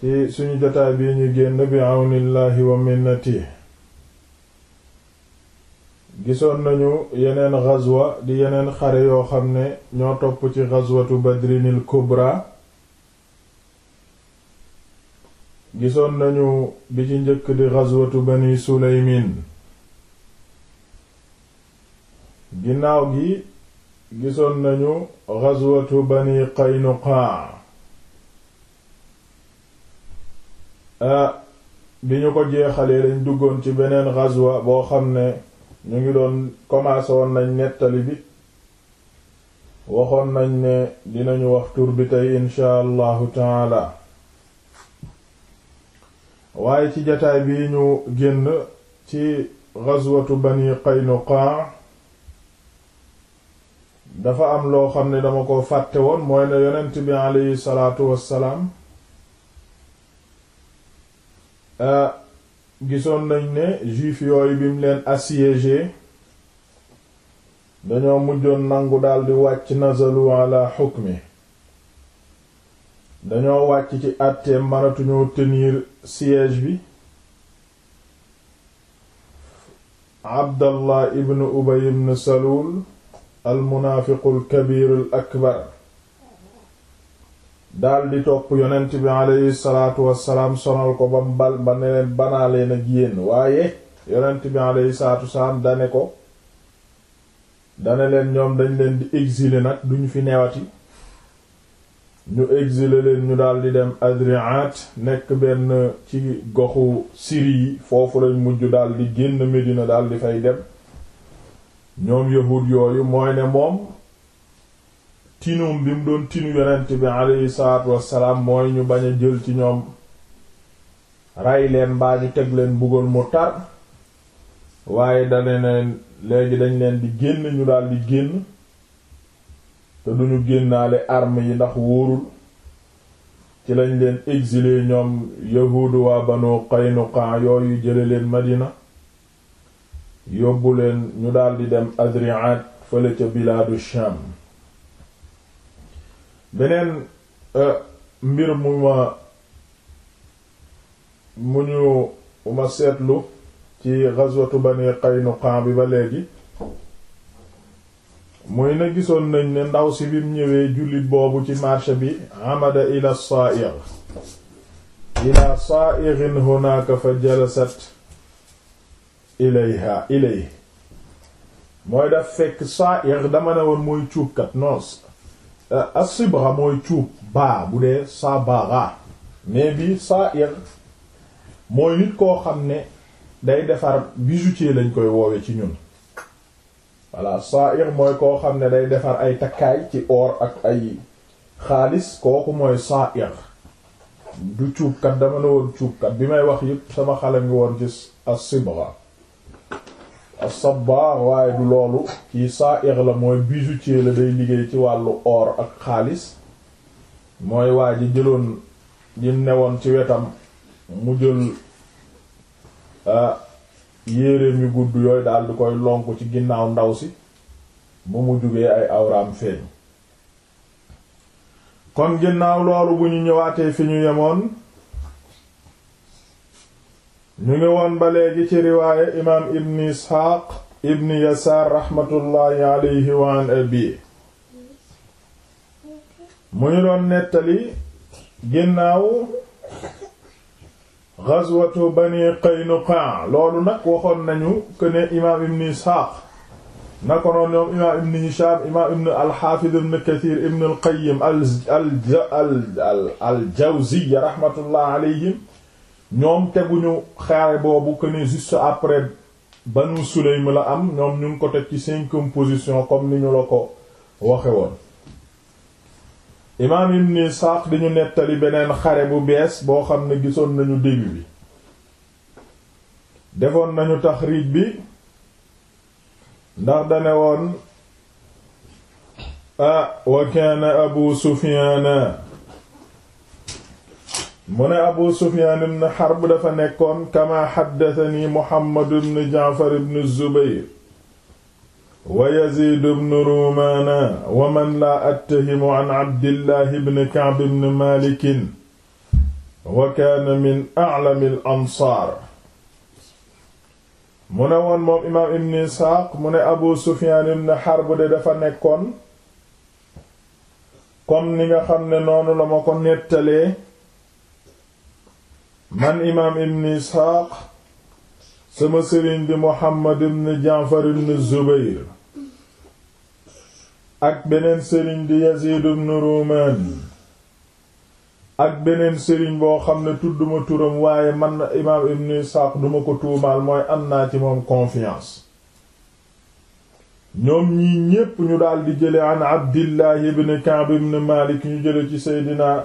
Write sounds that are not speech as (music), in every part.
ci suñu jotaay bii ñu génn bi àwnillaahi wa minnati gisoon nañu yeneen ghazwa di yeneen xare yoo xam ne ñoo topp ci ghazwatu badrinil kubra gisoon nañu bi ci njëkk di ghazwatu bani sulaymin ginnaaw gi gisoon nañu ghazwatu bani qaynuqa Ah, bi ñu ko jeexalee dañ duggoon ci beneen ghazwa boo xam ne ñu ngi doon commencé woon nañ nettali bi waxoon nañ ne dinañu wax tur bi tey insha allahu taala waaye ci jataay bi ñu génn ci ghazwatu bani qaynuqa dafa am loo xam ne dama ko fàtte woon mooy ne yonent bi aleyhi salaatu wassalaam Euh, gisoon nañ ne juif yooyu bi leen assiégé dañoo mujjoon nangu daldi wàcc nazalu ala xukmi dañoo wàcc ci àttee maratuñoo tenir siège bi abdallah ibn ubay ibn salul al munaafiqul kabiirul daldi topp yonent bi aleyhi salaatu wassalaam sonal ko bam bal ba ne leen banaa leen ak yéen waaye yonent bi aleyhi saatu saan dane ko dane leen ñoom dañ leen di exiler nag duñu fi newati ñu exiler leen ñu daldi dem Adriat nekk benn ci goxu Syrie yi foofu lañ mujj daldi génn Medina daldi fay dem ñoom yahud yooyu mooy ne moom tinoom bi doon tinu yonent bi aleyhi salaatu wassalaam mooy ñu bañ a jël ci ñoom rey leen mbaa teg leen buggal mu tar waaye dana leen léegi dañ leen di génn ñu daal di génn te duñu génnaale arm yi ndax wóorul ci lañ leen exilé ñoom yahuudu waa Banu Qaynuqa yooyu jële leen Madina yóbbu leen ñu daal dem Adriat fële ca bilaadu Sham beneen euh, mbir mu ma mu ñu ma seetlu ci ghazwatu Bani Qaynuqa bi ba léegi mooy na gisoon nañ ne ndaw si bim ñëwee jullit boobu ci marché bi amada ila sa'ir ila sa'irin hunaka fa jalasat ilayha ilay mooy daf fekk sa'ir dama ne woon mooy cuubkat noos Euh, as-sibgha mooy cuub baa bu dee saa baaxaa mais bi saa ir mooy nit koo xam ne day defar bijoutier lañ koy woowe ci ñun voilà saa ir mooy koo xam ne day defar ay takkaay ci or ak ay xaalis kooku mooy saa ir du cuubkat dama ne woon cuubkat bi may wax yépp sama xale ngi woon ci as-sibgha as-sabbagh waaye du loolu kii sa'ir la mooy bijoutier la day liggéey ci wàllu or ak xaalis mooy waa ji jëloon ñi newoon ci wetam mu jël yéreem yu gudd yooyu daal koy lonk ci ginnaaw ndaw si bu mu jugee ay awraam feeñ kon ginnaaw loolu bu ñu ñëwaatee fi ñu yemoon ñu ngi woon ba léegi ci riwaaya imaam ibn isxaaq ibn yasaar raxmatullaahi wa an abi mu ñu doon nettali ginnaaw gazwatu bani qaynuqa loolu nag waxoon nañu këne imaam ibn isxaaq na ko noon ñoom imaam ibn hishaam imaam ibn alxaafid ibn kathir ibn alqayim al raxmatullaahi alayhim ñoom teguñu xaare boobu que ne juste après Banu Sulaym la am ñoom ñu ko teg ci cinquième position comme ni ñu la ko waxe woon imaam Ibn Isxaaq di ñu nettali beneen xare bu bees boo xam ne gisoon nañu début bi defoon nañu riit bi ndax dane woon a ah, wa kaana Abu Sufyaana mu ne abu sufyaan ibn xarb dafa nekkoon kama xaddatani muhammad ibn jaafar ibn zubayr wa yaziid ibn ruumaana wa man laa attahimu wa kaana mu ne woon moom imaam abu sufyaan ibn xarb de dafa nekkoon comme ni nga xam ne noonu la ma ko nettalee man imaam ibn isxaaq sama sëriñ di muhammad ibn jaafar ibn zubayr ak beneen sëriñ di yaziid ibn rumaan ak beneen sëriñ boo xam ne tudduma turam waaye man imaam ibn isxaaq duma ko tuumaal mooy am naa ci moom confiance ñoom ñii ñépp ñu daldi jële an abdillahi ibn kaab ibn maalik ñu jële ci seydina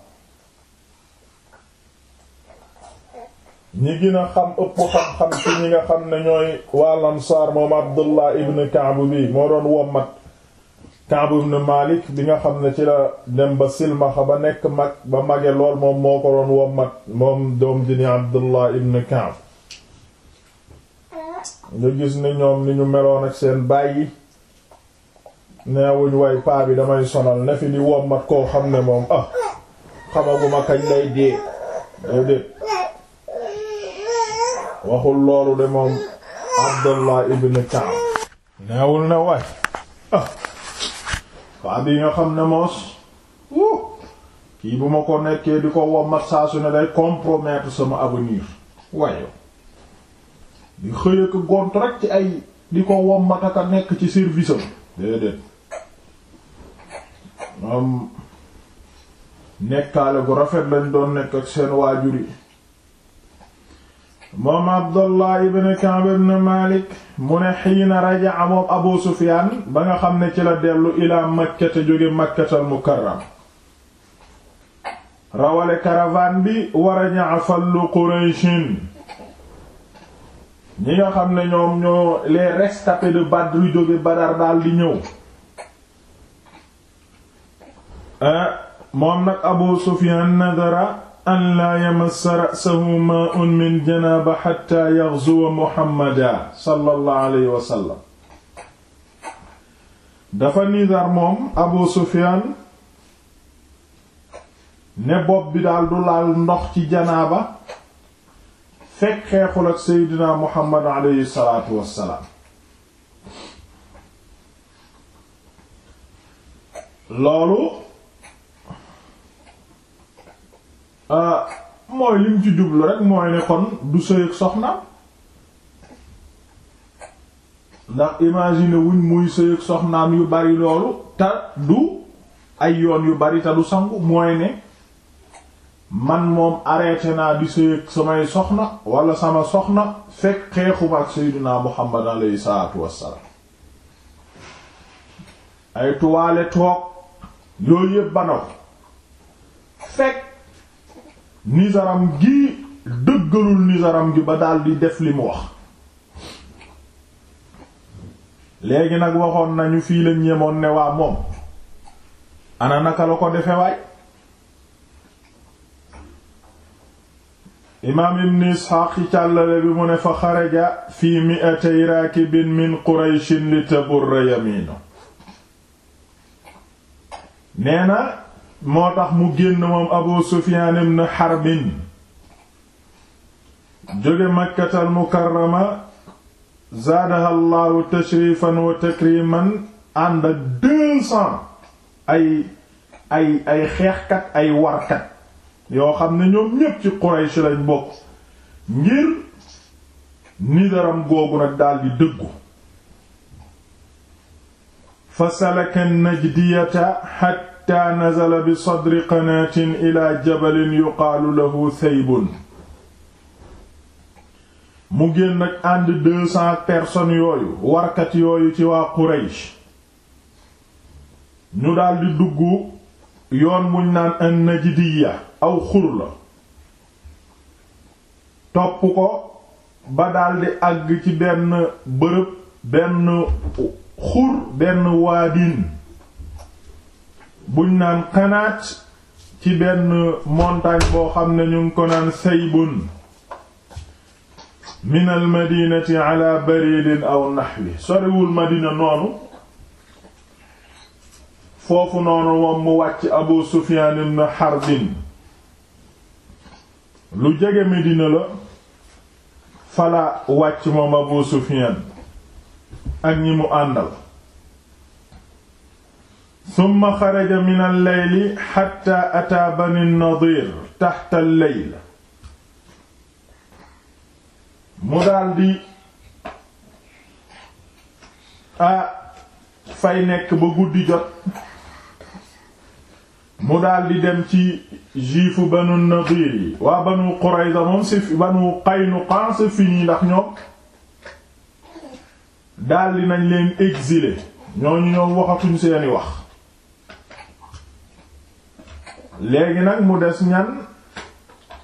ñi gina xam ëpp xam-xam ci ñi nga xam ne ñooy wal ansaar moom Abdullah ibn Ka'b bi moo doon wommat Ka'b ibn Malik bi nga xam ne ci la dem ba silmaxa ba nekk mag ba mage lool moom moo ko doon wommat moom doom ji Abdullah ibn Ka'b nga gis ni ñoom ni ñu meloon ak seen bàyyi neewuñ way paa bi damay sonal ne fi di wommat koo xam ne moom ah xamaguma kañ lay dee déedéet waxul loolu de moom Abdullah ibn Ka'b neewul ne waay ah bi nga xam ne moos kii bu ma ko nekkee di ko wommat saa su ne day compromettre sama avenir waaye di xëy ak gont rek ci ay di ko wommat ak a nekk ci service am déedéet moom nekkaale bu rafet lañ doon nekk ak seen waajur yi moom abdullah ibn Ka'b ibn Malik mu ne xiina raja'a moom Abu Sufyaan ba nga xam ne ci la dellu ilaa makkate jóge makkatal mukarram rawale caravane bi wa raja'a fallu Qurayshin ñi nga xam ne ñoom ñoo les rescapés de Badr jóge Badar daal ñëw eh, an laa yamassa ra'sahu maa'un min janaaba xatta yaxzuwa muhammadan sallallahu alayhi wa sallam dafa nizar moom abu sufiyaan ne bopp bi daal du laal ndox ci janaaba fekk xeexul ak seydina muhammad alayhi salaatu wassalaam loolu Euh, mooy lim ci jublu rek mooy ne kon du sëy ak soxnaam ndax imagine wuñ muy sëy ak soxnaam yu bari loolu te du ay yoon yu bari te du sangu mooy ne man moom arrêté naa di sëy ak samay soxna walla sama soxna fekk xeexuma ak Seydina Muhammad alayhi salaatu wassalaam ay tuwaale toog yooyu yëpp banaw fekk nizaram gi dëggalul nizaram gi ba daldi def li mu wax léegi nag waxoon nañu fii lañ ñemoon ne waa moom ana naka la ko defe waay imaam ibn ci càllale bi mu ne fa xaraja fi mi'atay raakibin min qurayshin li taburra yamino nee na moo tax mu génn moom abu sufiyaan ibn xarbin jóge makkatal mukarrama zaadaha llahu tashrifan wa takriman ànd ay ay ay xeexkat ay warkat yoo xam ne ñoom ñépp ci Quraysh lañ bokk ngir nidaram googu nag daldi dëggu fa salaka najdiyata xatta bi sadri qanaatin ila mu génn ak ànd deux cent personnes yooyu warkat yooyu ci waa Quraysh ñu daldi dugg yoon muñ naan an najdiya aw xur la topp ko ba daldi àgg ci benn bërëb benn xur benn waadin buñ naan xanaat ci benn montagne boo xam ne ñu ngi ko naan saybun min al madinati ala baridin aw nahwi sorewul madina noonu foofu noonu moom mu wàcc abu sufyan ibn harbin lu jege medina la fala wàcc moom abu sufyan ak ñi mu àndal summa xaraja min alleyli xatta ataa bani nadir taxta alleyl mu daldi a fay nekk ba guddi jot mu daldi dem ci juifu banu nadir yi waa banu Qurayza moom banu Qaynuqa si nii ndax ñoom daldi nañ leen exiler ñooñu ñoom waxatuñ seeni wax léegi nag mu des ñan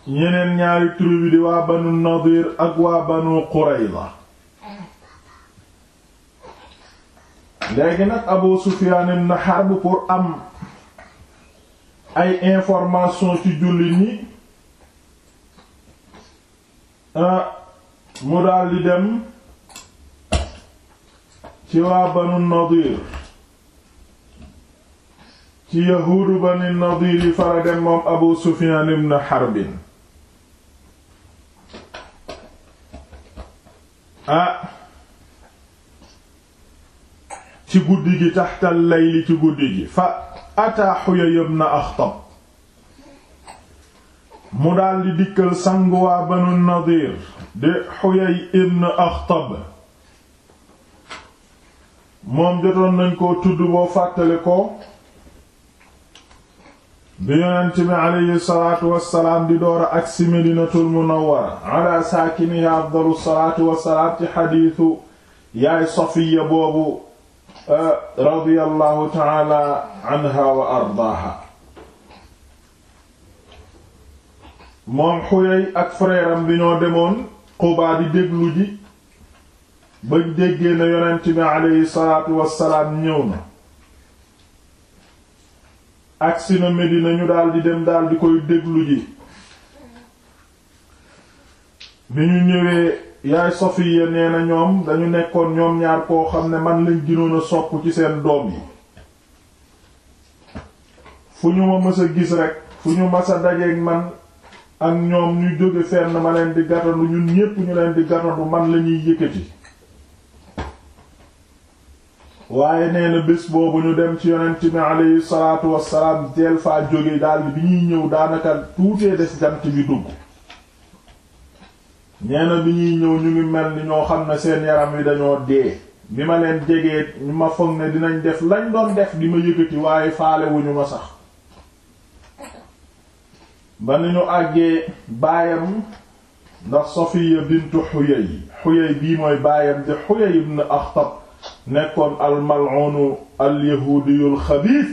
yeneen ñaari tribu di waa banu Nadir ak waa banu Qurayza léegi nag Abu Sufyan ibn Harb pour am ay information ci jullit ñi ah, mu daldi dem ci waa banu Nadir ci yahuudu bani nadiir fara moom abu sufiyaan ibn harbin ah ci guddi gi taxtal layli ci guddi fa ataa Huyayy ibn Akhtab mu daldi dikkal sangu waa banu nadiir di Huyayy ibn Akhtab moom jotoon nañ koo tudd boo fàttale ko bi yonent bi aleyhi salaatu wassalaam di door a agsi medinatul munawwara ala saakinihi afdalu salaatu wassalaam ci xadiisu yaay Safiya boobu eh, radiyallahu taala anha wa ardaaha moom xuyey ak frère am bi ñoo demoon Quba di déglu ji bañ déggee na yonent bi aleyhi salaatu wassalaam ñëw na agsi na Medina ñu daldi dem daldi koy déglu ji bi ñu ñëwee yaay Safiya nee na ñoom dañu nekkoon ñoom ñaar koo xam ne man lañ gënoon a sopp ci seen doom yi fu ñu ma mës gis rek fu ñu mës a dajeek man ak ñoom ñu jóge fenn ma leen di gatandu ñun ñépp ñu leen di gatandu man lañuy yëkkati waaye nee na bés boobu ñu dem ci yonent bi aleyhi salaatu wassalaam teel faa jóge daldi bi ñuy ñëw daanaka tuutee des jant bi dugg nee na bi ñuy ñëw ñu ngi mel ni ñoo xam ne seen yaram wi dañoo dee bi ma leen jegee ñu ma foog ne dinañ def lañ doon def di ma yëkkati waaye faale wu ñu ma sax ba ni ñu àggee baayam ndax Safiya bintu Huyay Huyay bii mooy baayam di Huyay ibn Akhtab nekkoon almal'uunu alyahudiyul xabiis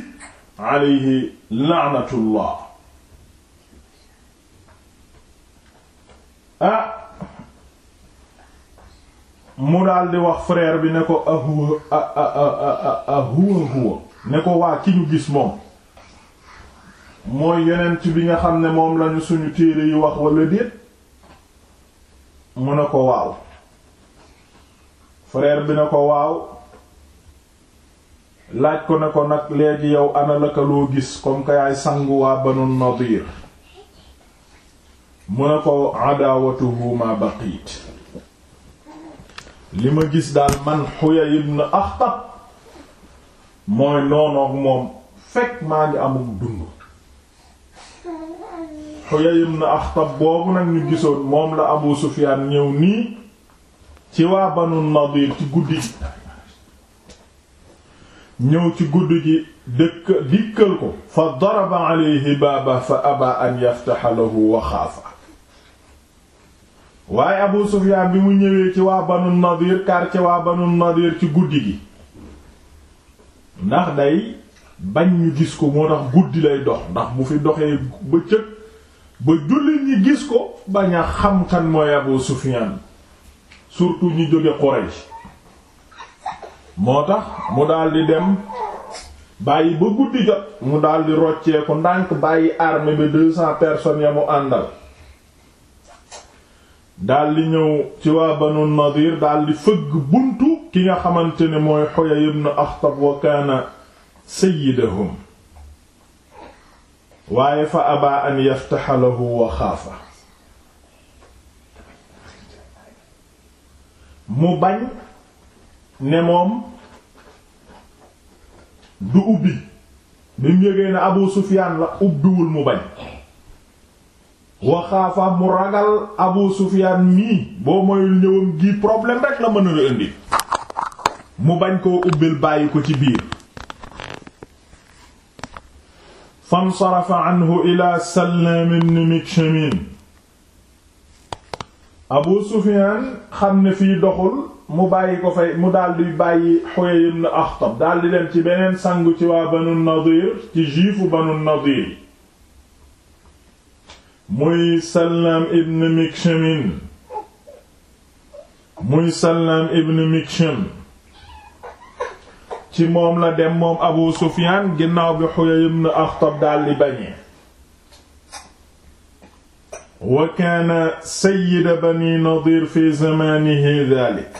alayhi la'natullah ah mu daal wax frère bi ne ko ahuwa ahuwa huwa ne ko waa ki ñu gis moom mooy yonent bi nga xam ne moom lañu suñu téere yi wax walla déet mu ne ko waaw frère bi na ko waaw laaj ko ne ko nag léegi yow ana la loo gis comme que yaay sangu waa Banu Nadir mu ne ko adaawatuhu ma baqiit li ma gis daal man Huyay ibn Akhtab mooy noonoog moom fekk maa ngi amul dund Huyay ibn Akhtab boobu nag ñu gisoon moom la Abu Sufyaan ñëw nii ci waa Banu Nadir ci guddi gi ñëw ci guddi gi dëkk dikkal ko fa daraba alayhi baaba fa aba an yaftaha lahu wa waaye Abu Sufyaan bi mu ñëwee ci waa Banu Nadir kaar ci waa Banu Nadir ci guddi gi ndax day bañ ñu gis ko moo tax guddi lay dox ndax bu fi doxee ba cëg ba jullit ñi gis ko bañ a xam mooy Abu Sufyaan surtout ñi jóge Quraysh moo tax mu daldi dem bàyyi ba guddi jot mu daldi rocceeku ndànk bàyyi armée bi deux mu àndal daldi ñëw ci waa Banu Nadir daldi fëgg buntu ki nga xamante ne mooy Huyay ibn Akhtab wa kaana sayyidahum waaye fa abaa an yaftaha lahu wa xaafa mu bañ ne moom du ubbi bi mu yëgee Abu Sufyaan la ubbiwul mu bañ waxaafa mu ragal Abu Sufyaan mii boo moyul ñëwam gi problème rek la mën a indi mu bañ koo ubbil bàyyi ci biir fansarafa anhu ila Sallaam ibn Mikshamin abu sufiyaan xam ni fii doxul mu bàyyi ko fay mu daldi bàyyi Huyay ibn Akhtab daldi dem ci beneen sàngu ci waa Banu Nadir ci juifu Banu Nadir muy Sallaam ibn Mikshamin muy Sallaam ibn Miksham ci moom la dem moom Abu Sufyaan ginnaaw bi Huyay ibn Akhtab daldi bañee wa kaana sayyida bani nadir fi zamanihi dhalik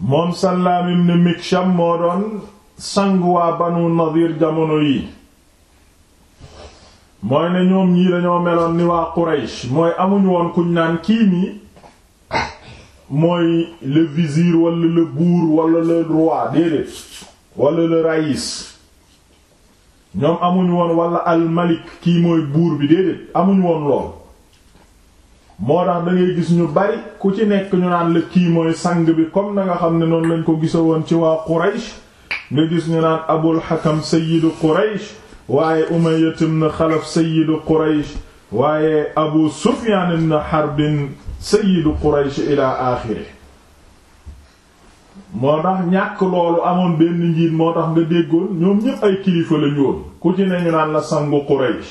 moom Sallaam ibn Miksham moo doon sang waa banu nadir jamono yi mooy ne ñoom ñii dañoo meloon ni waa Quraysh mooy amuñu woon kuñ naan kii nii mooy le vizir wala le buur wala le roi déedéet wala le raïs ñoom amuñu woon wala almalik kii mooy buur bi déedéet amuñ woon lool moo tax da gis ñu bari ku ci nekk ñu naan la kii mooy sang bi comme na nga xam ne noonu lañ ko gisa woon ci waa Quraysh nga gis ñu naan Abul Hakam sayyidu Quraysh waaye Umayya na Khalaf sayyidu Quraysh waaye Abu Sufyan na Harb sayyidu Quraysh ila axiri moo tax ñàkk loolu amoon benn njiit moo tax nga déggoon ñoom ñépp ay kilifa lañu woon ku ci ne ñu naan la sangu Quraysh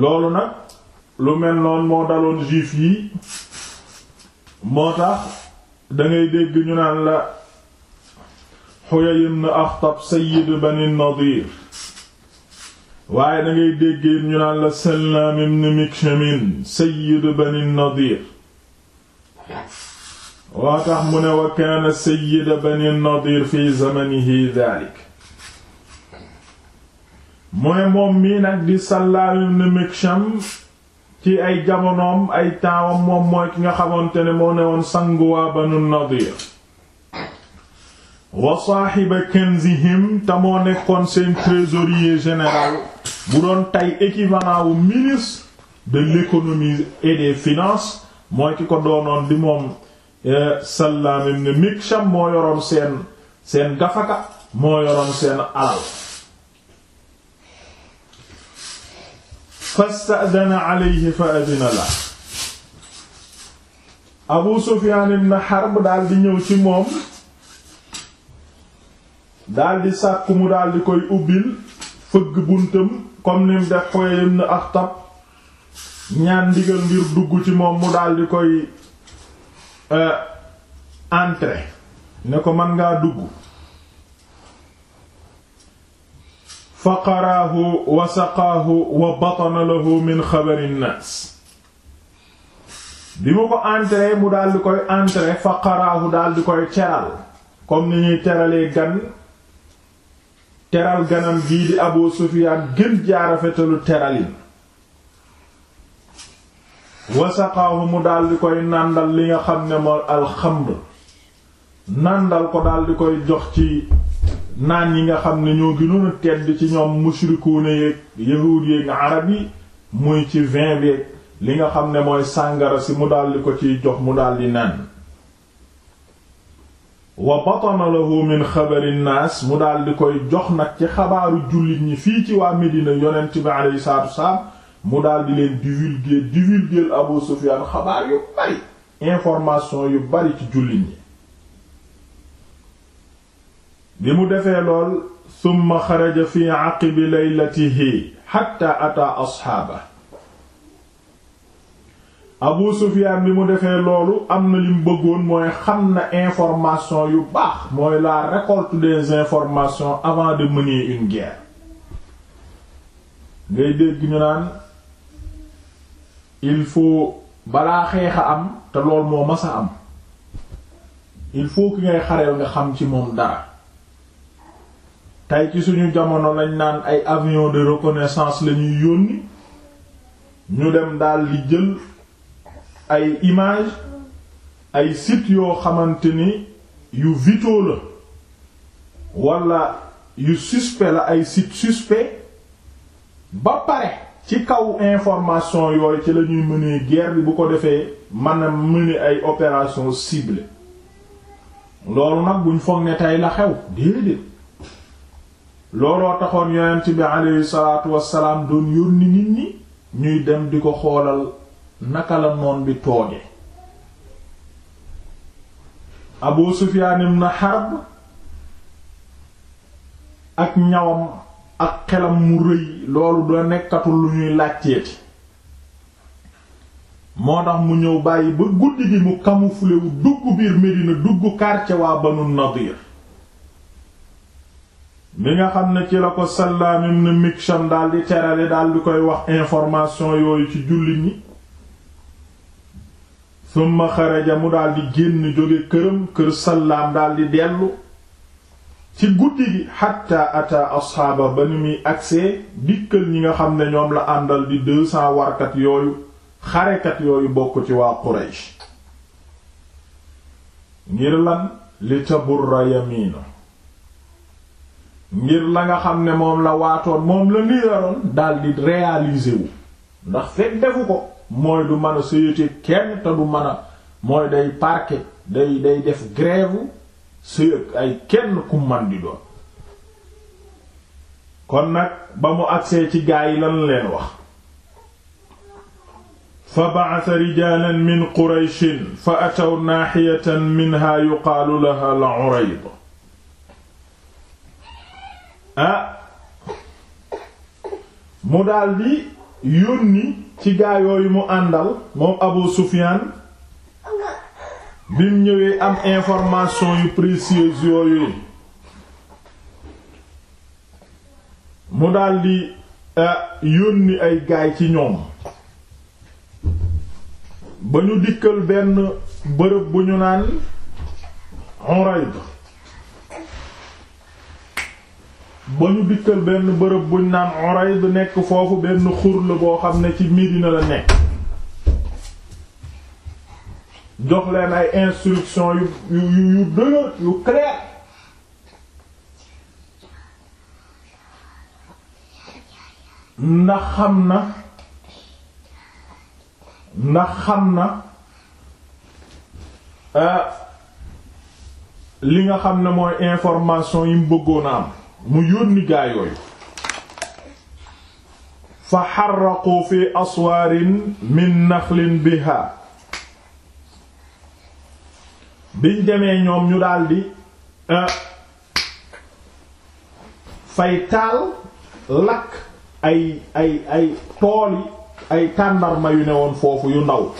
loolu nag lu mel noonu moo daloon juif yi moo tax dangay dégg ñu naan la Huyay ibn Akhtab sayyid Bani Nadir waaye dangay dégg ñu naan la Sallaam ibn Mikshamin sayyid Bani waa tax mu ne wa kaana sayyida bani nadir fi zamanihi daalik mu moom mii nag di Sallaal ibn Miksham ci ay jamonoom ay taawam moom mooy ki nga xamante ne moo ne woon sangu waa banu nadir wa saaxiba kanzihim te moo nekkoon seen trésorier général bu doon tey équivalent ministre de l'économie et des mooy ki ko doonoon di moom Eh, Sallaam ibn Miksham moo yoroon seen seen gafaka moo yoroon seen alal fasta'dana alayhi fa adina la Abu Sufyaan ibn Harb daal di ñëw ci moom daal sàkk mu daal di koy ubbil fëgg buntam comme nim def Huyayy ibn Akhtab ñaan ndigal ngir dugg ci moom mu daal koy Euh, entrée ne ko man ngaa dugg fa qaraahu wa saqaahu wa batana lahu min xabari nnaas bi mu ko entrée mu daldi koy entrée fa qaraahu koy teral comme ni ñuy teralee gan teral ganam gii di Abu Sufyaan gën jaarafetalu teralin wasaqaahu mu daal di koy nàndal li nga xam ne mooy alxamr nàndal ko daal koy jox ci naan yi nga xam ne ñoo gënoon a tedd ci ñoom mushrikuune yeeg yahuud yeeg arab yi muy ci vin beeg li nga xam ne mooy sàngara si mu daldi ko ciy jox mu daldi di naan wa batana lahu min xabari naas mu daldi koy jox nag ci xabaaru jullit ñi fii ci waa Medina yonent bi alayhi salaatu wassalaam mu daal di leen divulguer divulguer Abu Sufyan xabaar yu bari information yu bari ci jullit ñi bi mu defee lool summa xaraja fi aqibi laylatihi xatta ataa asxaaba Abu Sufyan bi mu defee loolu am na lim bëggoon mooy xam na information yu baax mooy la récolte des informations avant de mener une guerre ngay dégg ñu naan il faut balaa xeex a am te lool moo mas a am il faut ki ngay xareel nga xam ci moom dara tey ci suñu jamono lañ naan ay avion de reconnaissance la ñuy yónni ñu dem daal di jël ay image ay sit yoo xamante ni yu vitaux la walla yu suspect la ay site suspect ba pare ci kaw information yooyu ci la ñuy mënee guerre bi bu ko defee mën a mëne ay opération ciblée loolu nag buñ foog ne tey la xew déedéet looloo taxoon yonent bi aleyhi salaatu wassalaam doon yónni nit ñi ñuy dem di ko xoolal naka la noon bi tooge Abu Sufyaan ibn Harb ak ñawam ak xelam mu rëy loolu la nekkatul lu ñuy laajteeti moo tax mu ñëw bàyyi ba guddi gi mu camouflé wu dugg biir Medina dugg quartier waa Banu Nadir mi nga xam ne ci la ko Sallaam ibn Miksham daal di terale daal di koy wax information yooyu ci jullit ñi summa xaraja mu daal di génn jóge këram kër Sallaam daal dellu ci guddi gi xatta ata asxaaba ba ni muy agsee dikkal ñi nga xam ne ñoom la àndal di deux cents warkat yooyu xarekat yooyu bokk ci waa Quraysh ngir lan li taburra yamina ngir la nga xam ne moom la waatoon moom la niyaroon daldi réaliser ndax fekk defu ko mooy du mën a kenn te du mën a mooy day parquet day day def grève sëyëg ay kenn ku kon nag ba mu agsee ci gaa yi lan leen wax fa ba'atha rijaalan min qurayshin fa ataw naaxiyatan minha yuqaalu laha al ah, mu daldi yónni ci gaa yooyu mu àndal moom abu sufyaan bim ñëwee am information yu précieuse yooyu mu daldi euh, yónni ay gaay ci ñoom ba ñu dikkal benn bërëb bu ñu naan Hurayb ba ñu dikkal benn bërëb bu ñu naan Hurayb nekk foofu benn xur la boo xam ne ci Medina la nekk jox leen ay instruction yu yu yu dëgër yu clair ndax xam na ndax xam na euh, li nga xam ne mooy information yi mu bëggoon a am mu yónni gaa yooyu fa xarraqu fi aswaarin min naxlin biha biñ demee ñoom ñu daldi euh, fay taal lakk ay ay ay tàndarma yu ne woon foofu yu ndaw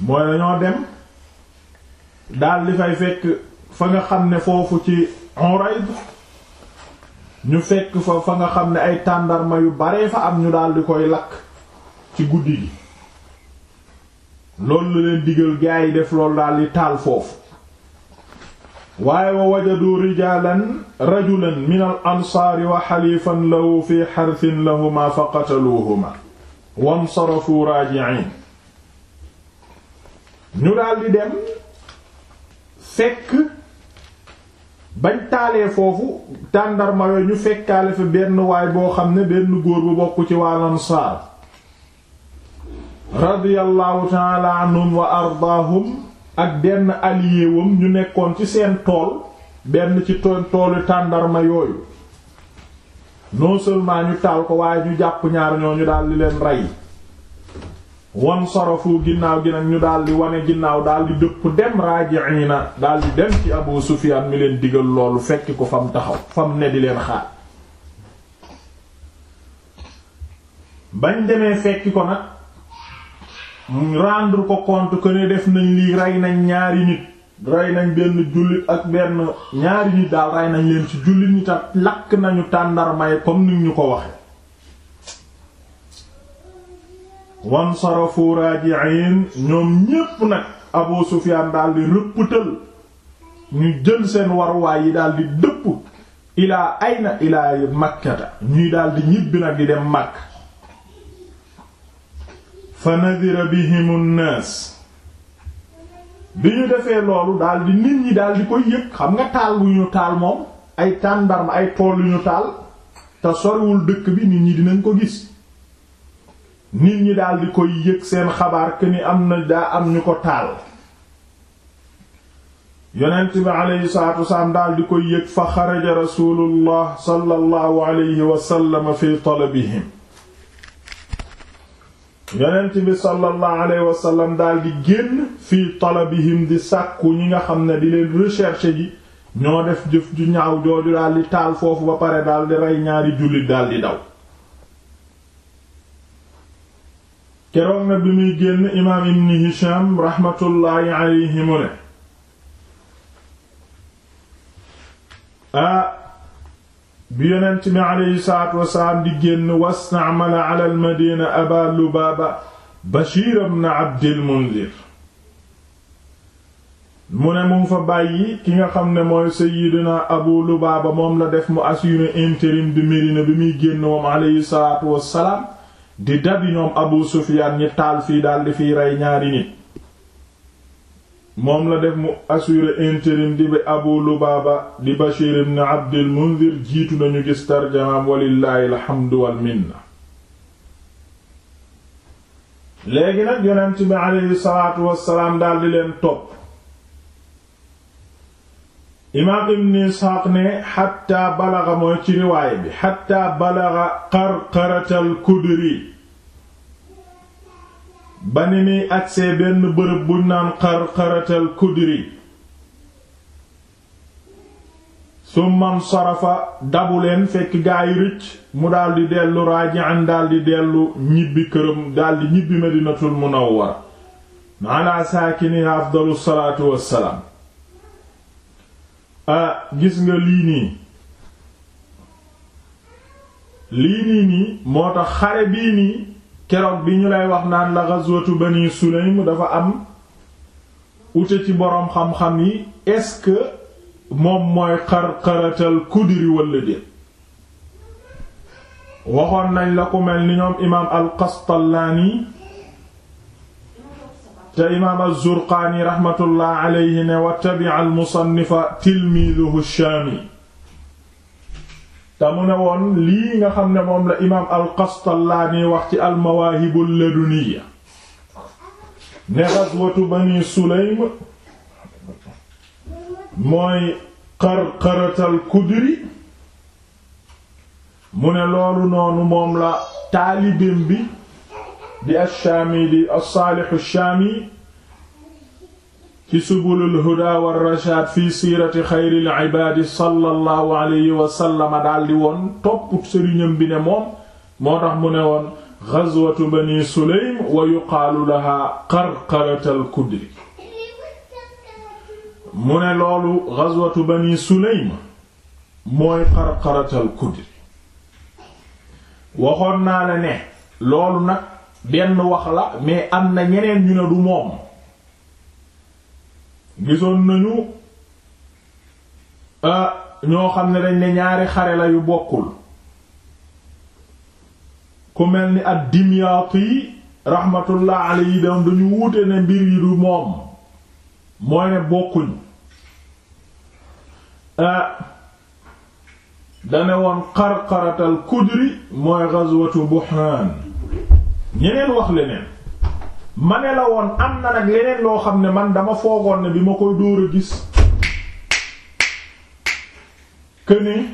mooy dañoo dem daldi fay fekk fa nga xam ne foofu ci Hurayd ñu fekk fa fa nga xam ne ay tàndarma yu baree fa am ñu daldi koy lakk ci guddi gi lool la leen digal gaa yi def lool daal di taal foofu waaye wa wajadu rijaalan rajulan min al ansaari wa xaliifan lahu fi xarsin lahuma fa qataluuhuma wansarafu raaji'in ñu daal di dem fekk bañ taalee foofu tàndarma ñu fekkaale fa benn waay boo xam ne benn góor bu bokk ci waa lansaar radiyallahu taala anhum wa ardaahum ak benn allié wam ñu nekkoon ci seen tool benn ci toolu tàndarma yooyu non seulement ñu taal ko waaye ñu jàpp ñaar ñooñu daal di leen rey wan sorofu ginnaaw gi nag ñu daal wone ginnaaw daal di dëpp dem raajiina daal di dem ci Abu Sufyaan mi leen digal loolu fekki ko fam taxaw fam ne di leen xaar bañ demee fekki ko nag rendre ko compte que ne def nañ lii rey nañ ñaari nit rey nañ benn jullit ak benn ñaari nit daal rey nañ leen ci jullit ñi ta lakk nañu tàndarmay comme ni ñu ko waxe wansarafu raji'in ñoom ñépp nag Abu Sufyaan daal di ñu jël seen waruwaay yi daal di dëpp ilaa ayna ilaa makkata ñuy daal di ñibbi nag di dem Makka fa nadira bihim nnaas bi ñu defee loolu daal di nit ñi daal koy yëg xam nga taal yu ñu taal moom ay tàndarma ay tool yu ñu taal te soriwul dëkk bi nit ñi dinañ ko gis nit ñi daldi di koy yëg seen xabaar que ni am na daa am ñu ko taal yonent bi aleyhi salaatu wasalaam daal di koy yëg fa xaraja rasulullah sallallahu alayhi wa sallam fi talabihim yonent bi sallallahu alayhi wa sallam daal di génn fii talabihim di sàkku ñi nga xam ne di leen recherche ji ñoo def jëf ju ñaaw jooju daal di taal foofu ba pare daal di rey ñaari jullit daal di daw keroog na bi muy génn imaam ibn Hisham rahmatullaahi alayhi mu ne ah, bi yonent bi aleyhi salaatu wasalaam di génn wastamala ala almadina aba lubaaba bashir ibn abdil munzir mu ne mu fa bàyyi ki nga xam ne mooy sayiduna abu lubaaba moom la def mu assurer intérim bi Médina bi muy génn moom aleyhi salaatu wasalaam di dabi ñoom abu sufiyaan ñi taal fii daldi fiy rey ñaari nit moom la def mu assurer intérim di bi abu lubaaba di bashir ibn abdil mundir gis tarjamaam walillaahi alxamdu wal minna léegi nag yonent bi aleyhi salaatu wassalaam daldi leen topp imaam ibn isxaaq ne xatta balaga mooy ci riwaay bi xatta balaga qarqaratal kudri ba ni muy agsee benn bërëb buñ naan xarxaratal kudri summan sarafa dabu leen fekk gaay rëcc mu daldi dellu raaji'an daldi dellu ñibbi këram daldi ñibbi madinatul munawwara ala saakini afdalu salaatu wassalaam a gis nga lii nii lii nii moo tax xare bii nii keroog bi ñu lay wax naan la ghazwatu bani sulaym dafa am ute ci boroom xam-xam yi est-ce que moom mooy xarxaratal kudri walla déet waxoon nañ la ku mel ni ñoom imaam al-Qastallaani te imaam az-Zurqaani raxmatullah alayhi ne wa tabi'a tilmiiduhu shaami te mu ne woon lii nga xam ne moom la imaam al-Qastallaani wax ci al-Mawaahibul Laduniyya ne ghazwatu Bani Sulaym mooy Qarqaratal Kudri mu ne loolu noonu moom la taalibeem bi di ash-Shaami di as-Saalih ci subulul huda war rashaad fi siirati xayril ibaadi sallallahu alayhi wa daldi woon topp sëriñam bi ne moom moo tax mu ne woon gazwatu bani sulaym wa yuqaalu laha qarqaratal kudri mu ne loolu gazwatu bani sulaym mooy qarqaratal kudri waxoon naa la ne loolu nag benn wax la mais am na ñeneen ñu ne du moom gisoon nañu ñoo xam ne dañ ne ñaari xare la yu bokkul ku mel ni ak dimyaati rahmatullah alayhi yi dañu wuute ne mbir yi du moom mooy ne bokkuñ dane woon qarqaratal kudri mooy ghazwatu buhran ñeneen wax leneen ma ne la woon am na nag leneen loo xam ne man dama foogoon ne bi ma koy dóor a gis que ni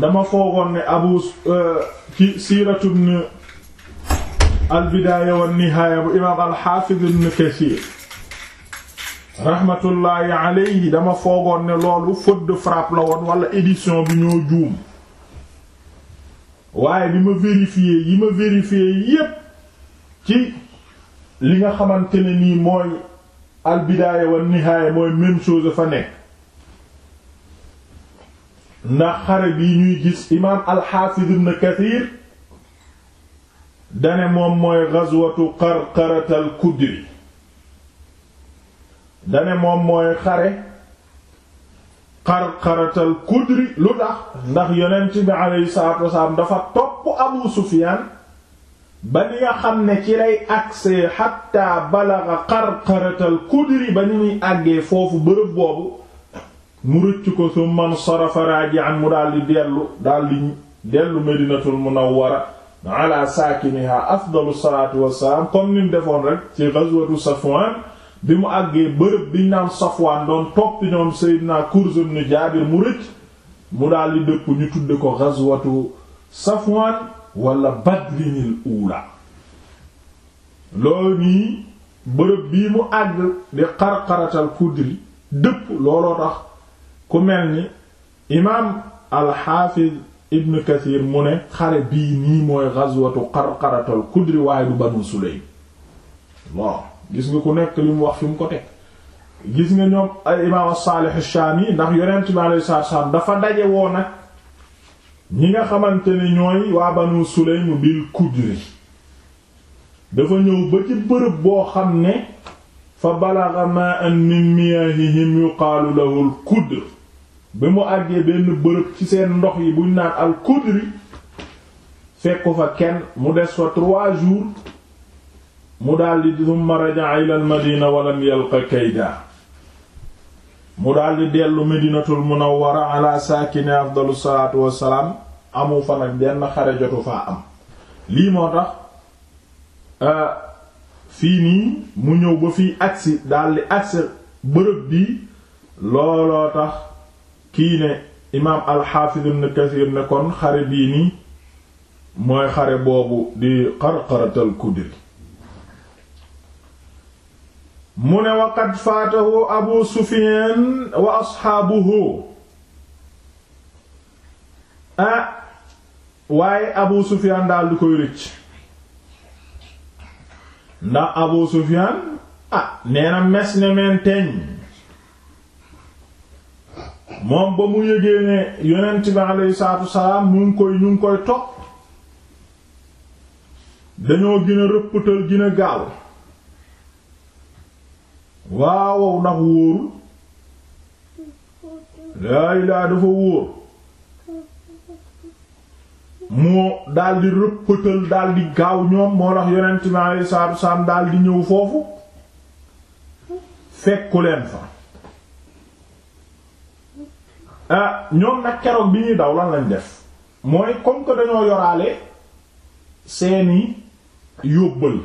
dama foogoon ne abu euh, ci siiratu ibn al bidaaya wan nihaaya bu imaam al xaafiz kasiir raxmatullaahi alayhi dama foogoon ne loolu faute de frappe la woon wala édition bi ñoo juum waaye bi ma vérifié yi ma vérifié yépp ci li nga xamante ni nii mooy albidaaya wa nihaaya mooy même chose fa nekk ndax xare bi ñuy gis imaam alxaafiz ibn kathir dane moom mooy gazwatu qarqaratal kudri dane moom mooy xare qarqaratal kudri lu tax ndax yonent bi alayhi salaatu wasalaam dafa topp abu sufiyaan ba ni nga xam ne ci lay agsee xatta balaga qarqaratal kudri ba ni muy àggee foofu bërëb boobu mu rëcc ko su man sarafa raaji'an mu daldi dellu daldi dellu medinatul munawwara ala saakiniha afdalu salaatu wasalaam comme ni mu defoon rek ci ghazwatu safwaan bi mu àggee bërëb biñ naan Safwaan doon topp ñoom Seydina Kurz ibn Jaabir mu mu daal di ñu tudde ko ghazwatu Safwaan wala Badrinil uula loolu nii bërëb bii mu àgg di xarxaratal Kudri dëpp looloo tax ku mel ni imaam al-Hafiz Ibn Kathir mu ne xare bii nii mooy ghazwatu xarxaratal Kudri waaye du Banu Sulaym waaw gis nga ku nekk li mu wax fi mu ko teg gis nga ñoom ay imaam Saalih Shaami ndax yonent bi alayhi salaatu salaam dafa daje woon nag ñi nga xamante ne ñooy waa Banu Sulaym bil Kudri dafa ñëw ba ci bërëb boo xam ne fa balagha ma'an min miyaahihim yuqaalu lahu al Kudr bi mu àggee benn bërëb ci seen ndox yi buñ naan al Kudri fekk fa kenn mu des fa trois jours mu daldi thumma raja'a ila al-madina wa lam yalqa mu daldi dellu madinatul munawwara ala saakini afdalu salaatu wassalaam amu fa benn xare jotu faa am lii moo tax euh, fii nii mu ñëw ba fii agsi daldi agsi bërëb bi looloo tax kii ne imaam alxaafiz ibn kathir ne kon xare bii nii mooy xare boobu di qarqaratal kudri mu ne wa qad faatahu abu sufiyaan wa asxaabuhu ah waaye abu sufiyaan daal du koy rëcc ndax abu sufiyaan ah nee na mes ne meen teñ moom ba mu yëgee ne yonent bi aleyhi salaatu salaam ñu ngi koy ñu ngi koy topp dañoo gën a rëppëtal gaaw waawow ndax wóorul laa dafa wóor moo daldi rëppëtal daldi gaaw ñoom moo tax yonent mi alayhi salaatu wasalaam daldi ñëw foofu fekku fa ah, ñoom nag keroog bi ñuy daw lan lañ def mooy comme que dañoo yoraale seeni yóbbal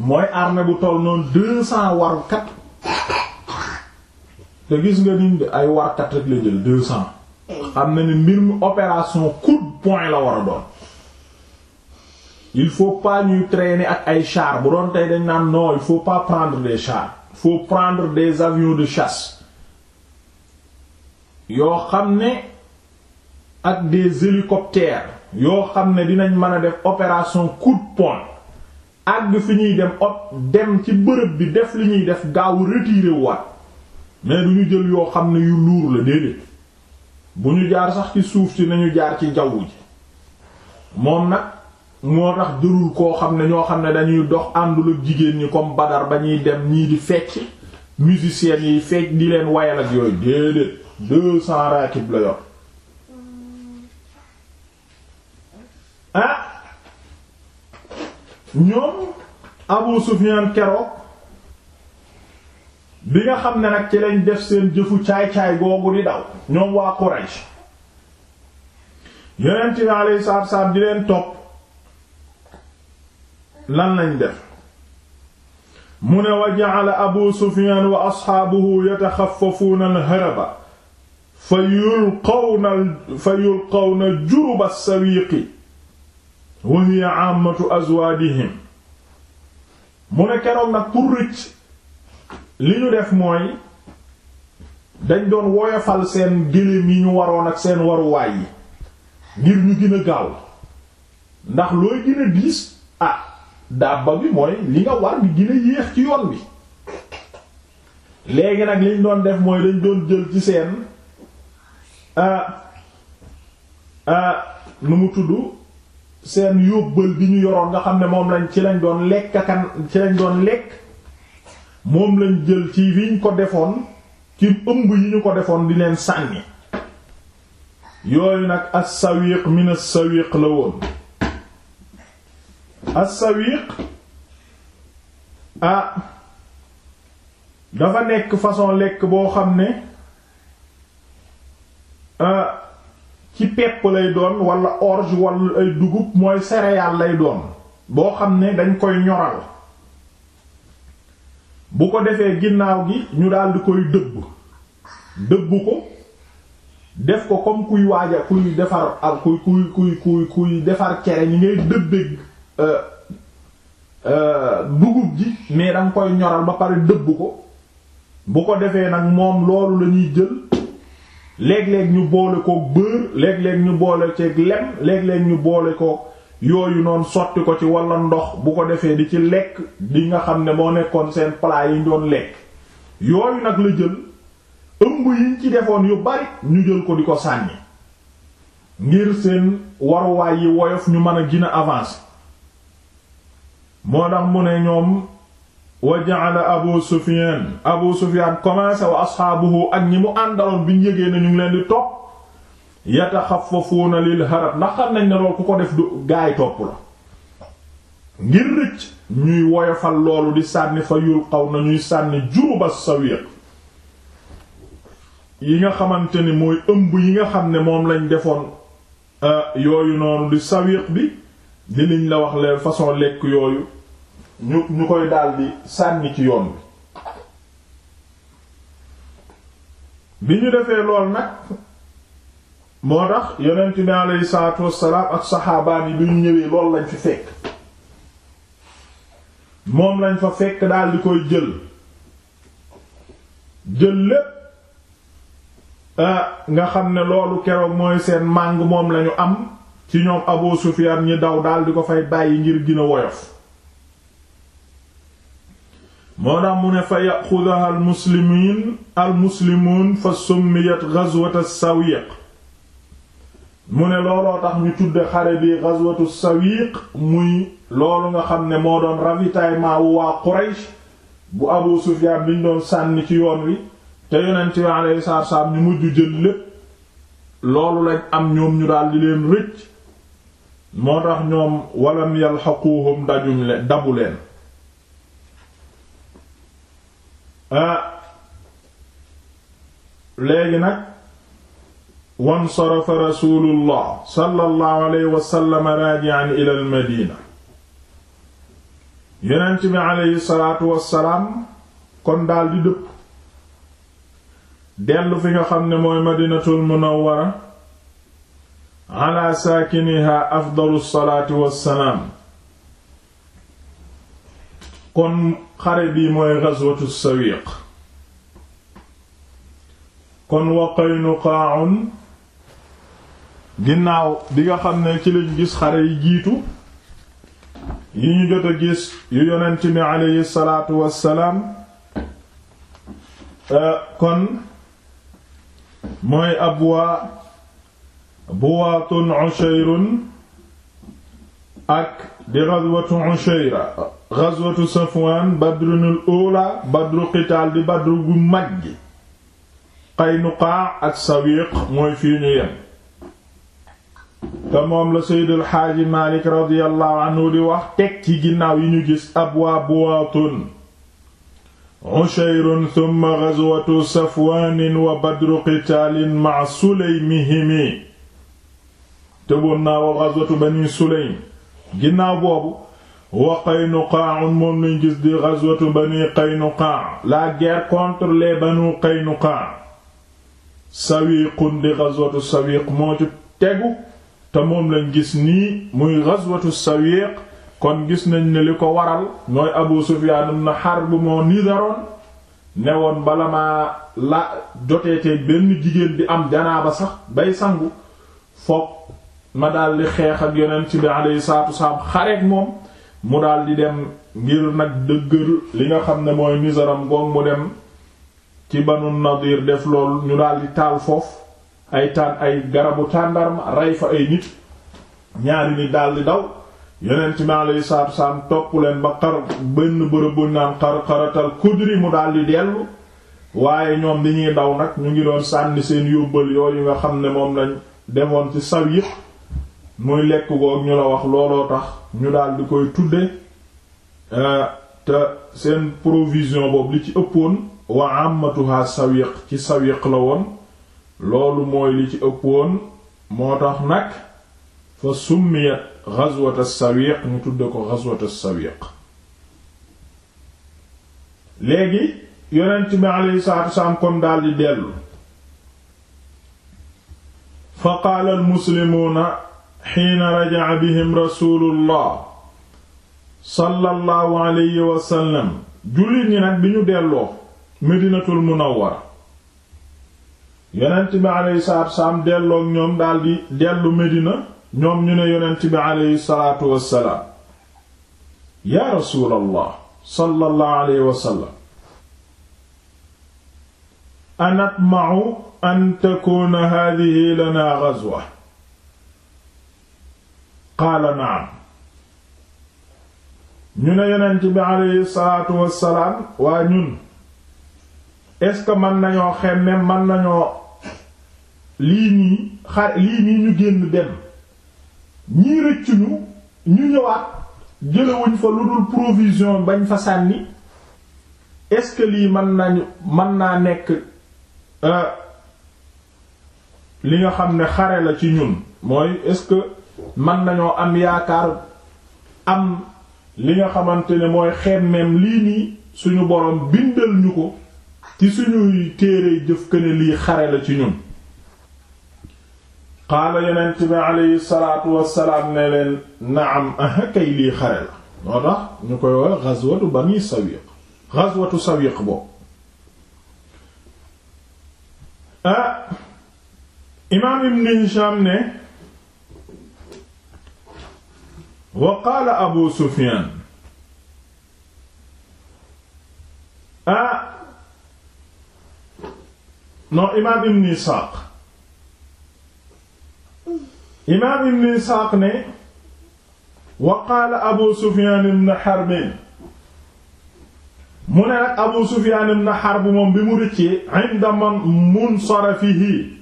mooy armée bu toll noonu deux cents warkat te gis nga ni ay warkat rek la jël deux cents xam na ne mbir mu opération coup de la war doon il faut pas ñuy traîner ak ay chars bu doon tey dañ naan non il faut pas prendre des chars faut prendre des avions de chasse yoo xam ne ak des hélicoptères yoo xam ne dinañ mën a def opération coup de àgg fi ñuy dem ot dem ci bërëb bi def li ñuy def gaaw retiré waat mais du ñu jël yoo xam ne yu luur la déedéet bu ñu jaar sax ci suuf si nañu jaar ci jaww ji moom nag moo tax jërul koo xam ne ñoo xam ne dañuy dox àndul ak jigéen ñi comme Badar ba ñuy dem ñii di fecc musiciens yi fecc di leen wayal ak yooyu déedéet deux cents raakib la yor ah ñoom Abu Sufyan keroog bi nga xam ne nag ci lañ def seen jëfu caay-caay googu di daw ñoom waa Quraysh yonent bi alayhi salaatu wassalaam di leen topp lan lañ def mu ne wa ja'ala Abu Sufyan wa asxaabuhu yataxaffafuuna al-haraba fa yulqawna fa yulqawna juruba as wa hiya amatu azwaadihim mu ne keroog nag pour li ñu def mooy dañ doon woyofal seen gëléem yi ñu waroon ak seen waruwaay yi ngir ñu gën gaaw ndax looy gën a diis ah dabba bi mooy li nga war bi gën yéex ci yoon bi léegi nag liñ doon def mooy dañ doon jël ci seen ah, ah, nu mu tudd seen yóbbal bi ñu yoroon nga xam ne moom lañ ci lañ doon lekk kan ci lañ doon lekk moom lañ jël ci yiñ ko defoon ci ëmb yi ñu ko defoon di leen sànni yooyu nag as-sawiq min as la woon as-sawiq ah dafa nekk façon lekk boo xam ne ah ci pepp lay doon wala orge wala ay dugub mooy céréale lay doon boo xam ne dañ koy ñoral bu ko defee ginnaaw gi ñu daal koy dëbb dëbb ko def ko comme kuy waaja kuy defar al kuy kuy kuy kuy kuy defar cere ñi ngay dëbbe euh, euh, dugub ji mais danga koy ñoral ba pare dëbb ko bu ko defee nag moom loolu lañuy jël léeg-léeg ñu boole koog beurre léeg-léeg ñu boole ceeg lem léeg-léeg ñu boole koog yooyu noonu sotti ko ci walla ndox bu ko defee di ci lekk di nga xam ne moo nekkoon seen palaa yi ñu doon lekk yooyu nag la jël ëmb yiñ ci defoon yu bari ñu jël ko di ko sànni ngir seen waruwaay yi woyof ñu mën a gën avance avancer moo tax mu ne ñoom wa ja'ala abu sufyan abu sufyan commencé wa asxaabuhu ak ñi mu àndaloon bi ñu yëgee na ñu leen di topp yataxafafuuna lil harab ndax xam nañ ne ku ko def du gaay topp la ngir rëcc ñuy woyofal loolu di sànni fa yulqaw na ñuy sànni juuba sawiq yi nga xamante ni mooy ëmb yi nga xam ne moom lañ defoon euh, yooyu noonu di sawiq bi di liñ la wax leen façon lekk yooyu ñu ñu koy daldi sànni ci yoon bi bi ñu defee lool nag moo tax yonent bi aleyhi salaatu wassalaam ak saxaabaan yi bi ñëwee lool lañ fi fekk moom lañ fa fekk daldi koy jël jël lépp ah, nga xam ne loolu keroog mooy seen màng moom lañu am ci ñoom Abu Sufyaan ñi daw daldi ko fay bàyyi ngir gën woyof moo tax mu ne fa yaxudaha almuslimiin almuslimuun fa summiyat gazwatu sawiiq mu ne looloo tax ñu tudde xare bi gazwatu sawiiq muy loolu nga xam ne moo doon ravitaillement wu waa Quraysh bu Abu Sufyaan biñ doon sànni ci yoon wi te yonent bi alayhi salaatu wa salaam mujj jël lépp loolu lañ am ñoom ñu daldi leen rëcc moo tax ñoom walam yalxaquuhum dajum leen dabu leen Ah, léegi nag wansarafa rasulullah sallallahu alayhi wa sallam raaji'an ila al madina kon daal di dëpp dellu fi nga xam ne mooy madinatul munawwara ala saakiniha afdalu salaatu wassalaam kon xare bi mooy ghazwatu sawiq kon wa Qaynuqaa'un ginnaaw bi nga xam ne ci lañ gis xare yi jiitu yi ñu jot a gis yu yonent mi aleyhi salaatu wassalaam euh, kon mooy abwaa buwaatun ushayrun ak di ghazwatu ushayra ghazwatu Safwan badrunul ula badru qitaal di badru bu mag gi Qaynuqaa ak Sawiq mooy fii ñu yem te la Seydil Xaaji Maalik radiyallahu anhu di wax teg ci ginnaaw yi ñu gis abwaa buwaatun ushayrun thumma ghazwatu Safwaanin wa badru qitaalin ma'a sulaymihimi tëboon naa wa ghazwatu bani sulaym ginnaaw boobu wa Qaynuqaa moom lañ gis di ghazwatu bani Qaynuqaa la guerre contre les banu Qaynuqaa sawiiqun di ghazwatu sawiiq moo ci tegu te moom la gis nii muy ghazwatu sawiiq kon gis nañ ne li ko waral mooy Abu Sufyaan xar Harb moo nidaroon ne woon bala maa la joteetee benn jigéen bi am janaaba sax bay sangu foog ma daldi xeex ak yonent bi alayhi salaatu wassalaam xareek moom mu daal di dem ngir nag dëggal li nga xam ne mooy misaram goog mu dem ci banu nadir def lool ñu daal di taal foofu ay taan ay garabu tàndarma rey fa ay nit ñaari nit daal di daw yonent mi alayhi salaatu salaam topp leen ba xar benn bërëb bu naan xar xaratal kudri mu daal di dellu waaye ñoom li ñuy daw nag ñu ngi doon sànni seen yóbbal yooyu nga xam ne moom lañ demoon ci saw yi muy lekk goog ñu la wax looloo tax ñu daal di koy tudde euh, te seen provision boobu li ci ëppoon wa ammatuha sawiq ci sawiq la woon loolu mooy li ci ëppoon moo tax nag fa summiyat ghazwat as-sawiq ñu tudde ko ghazwat as-sawiq léegi yonent bi alayhi salaatu wasalaam kon daal di dellu fa qaala al muslimuuna xiina rajaca bihim rasuulullah sallallahu alayhi wa jullit ñi nag bi ñu delloo medinatul munawwar yonent ñoom daldi dellu medina ñoom ñu ne yonent bi aleyhi salaatu wasalaam rasuulallah sallallahu alayhi wa sallam anatma'u an takuuna haadihi lanaa ghazwa qaala naam ñu ne yonent bi aleyhi salaatu wassalaam waa ñun est mën nañoo xemme mën nañoo lii nii xar lii nii ñu génn dem ñii rëccu ñu ñëwaat jëlewuñ fa lu dul provision bañ fa sànni est-ce lii mën naa nekk euh, li nga xam ne xare la ci ñun mooy est man nañoo am yaakaar am li nga xamante ne mooy xemmeem lii nii suñu boroom bindal ñu ko ci suñuy téere jëf këne lii xare la ci ñun qaala yonent bi aleyhi salaatu wassalaam ne leen naam aha kay lii xare la moo tax ñu koy wax ghazwatu bani sawiq ghazwatu sawiq boobu ah imaam ibn Hisham ne wa qaala abu sufiyaan ah non imaam ibn isxaaq imaam ibn isxaaq ne wa qaala abu sufiyaan ibn harb mu ne nag abu sufiyaan ibn harb moom bi mu rëccee inda man munsarafihi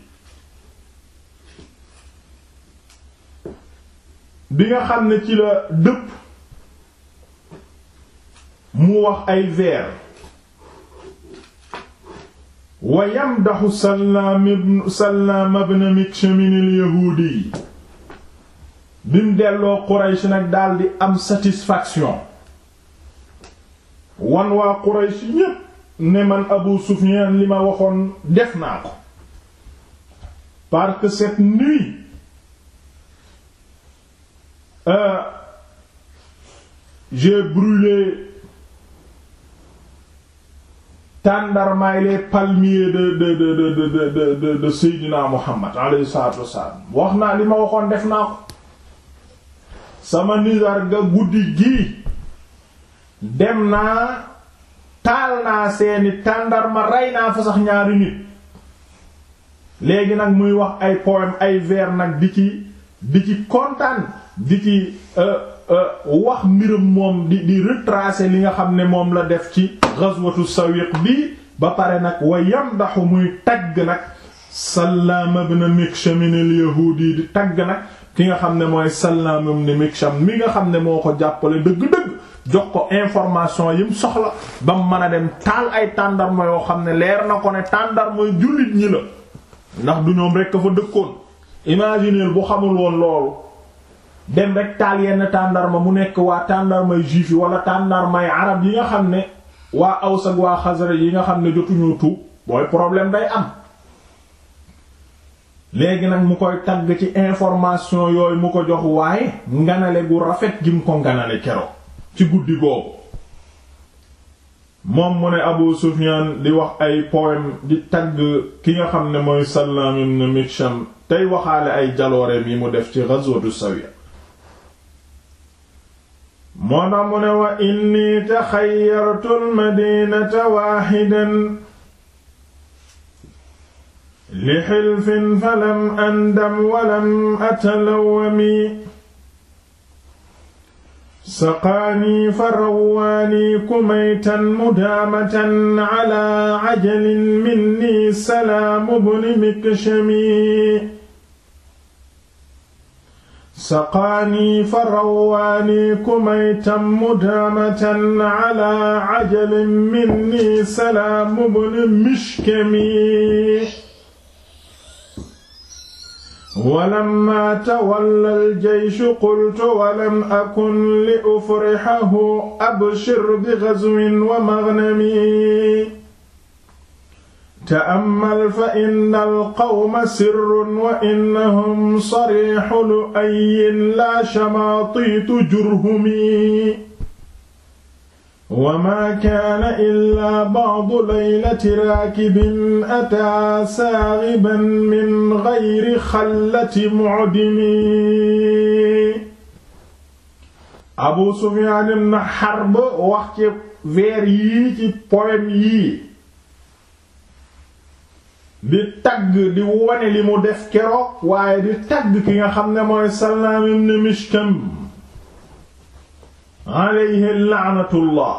bi nga xam ne ci la dëpp mu wax ay vers wa yamdaxu Sallaam ibn yahuudi bim delloo Quraysh nag daldi am satisfaction wan waa Quraysh ñépp ne Abu Sufyaan li ma waxoon def naa ko parce que cette Euh, j'ai brûlé tàndarmaay les palmiers de de de de de de Seydina Muhammad alayhi salaatu wassalaam wax naa li ma waxoon def naa sama nizar ga guddi gii dem naa taal naa seeni tàndarma rey naa fa sax ñaari nit léegi nag muy wax ay poème ay vers nag di ci di ci kontaan. di ci euh, euh, wax mbiram moom di di retracer li nga xam ne moom la def ci ghazwatu sawiq bi ba pare nag wa yamdaxu muy tagg nag Sallaam ibn Miksham tagg nag ki nga xam ne mooy Sallaam ibn mi nga xam ne moo ko jàppale dëgg-dëgg jox ko information yim soxla ba mu mën a dem taal ay tàndarma yoo xam ne leer na ko ne tàndarma jullit ñi la ndax du ñoom rekk a fa dëkkoon imaginer bu xamul woon loolu dem rek taal yenn tàndarma mu nekk waa tàndarmay juif yi wala tàndarmay arab yi nga xam ne waa Aws ak waa Xasraj yi nga xam ne jotuñu tuub booy problème day am léegi nag mu koy tagg ci information yooyu mu ko jox waaye nganale gu rafet gi mu ko nganale kero ci guddi googu moom mu ne Abu Sufyan di wax ay poème di tagg ki nga xam ne mooy Sallaam ibn Miksham tey waxaale ay jalooreem yi mu def ci ghazwatu Sawiya moo tax mu ne wa inni taxayyartu almadinata waaxidan li xilfin falam andam walam atalawami saqaanii farawwaanii kumaytan mudaamatan calaa cajalin minni salaamu bni mikshami saqaanii fa rawaanii kumaytan mudhamatan ala ajalin minni salaamu bni mishkami walammaa tawalla aljeyshu qultu walam akun li ufrihahu abshir bi ghazwin wa maghnami ta'ammal fa innal qawma sirrun wa innahum sariixu lu'ayyin laa shamaatiitu jurhumi wa maa kaana illaa ba'du laylati raakibin ataa saaxiban min gayri xallati mu'dimi Abu Sufyaan ibn Harb wax ci vers yii ci poème yii di tagg di wane li mu def keroog waaye di tagg ki nga xam ne mooy Sallaam ibn Mishkam alayhi la'natullah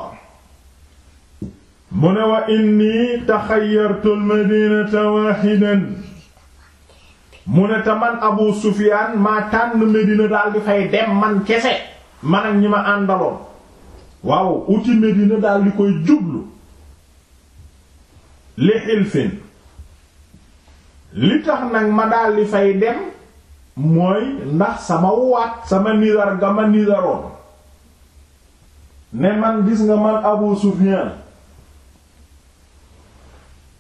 mu ne wa inni taxayyartu al-madinata waahidan mu ne te Abu Sufyaan maa tànn Medina daal fay dem man kese man ma àndaloon waaw uti Medina daal koy jublu li xilfin li tax nag ma daal di fay dem mooy ndax sama waat sama nizar ga ma nizaroon ne man gis nga man Abu Sufyan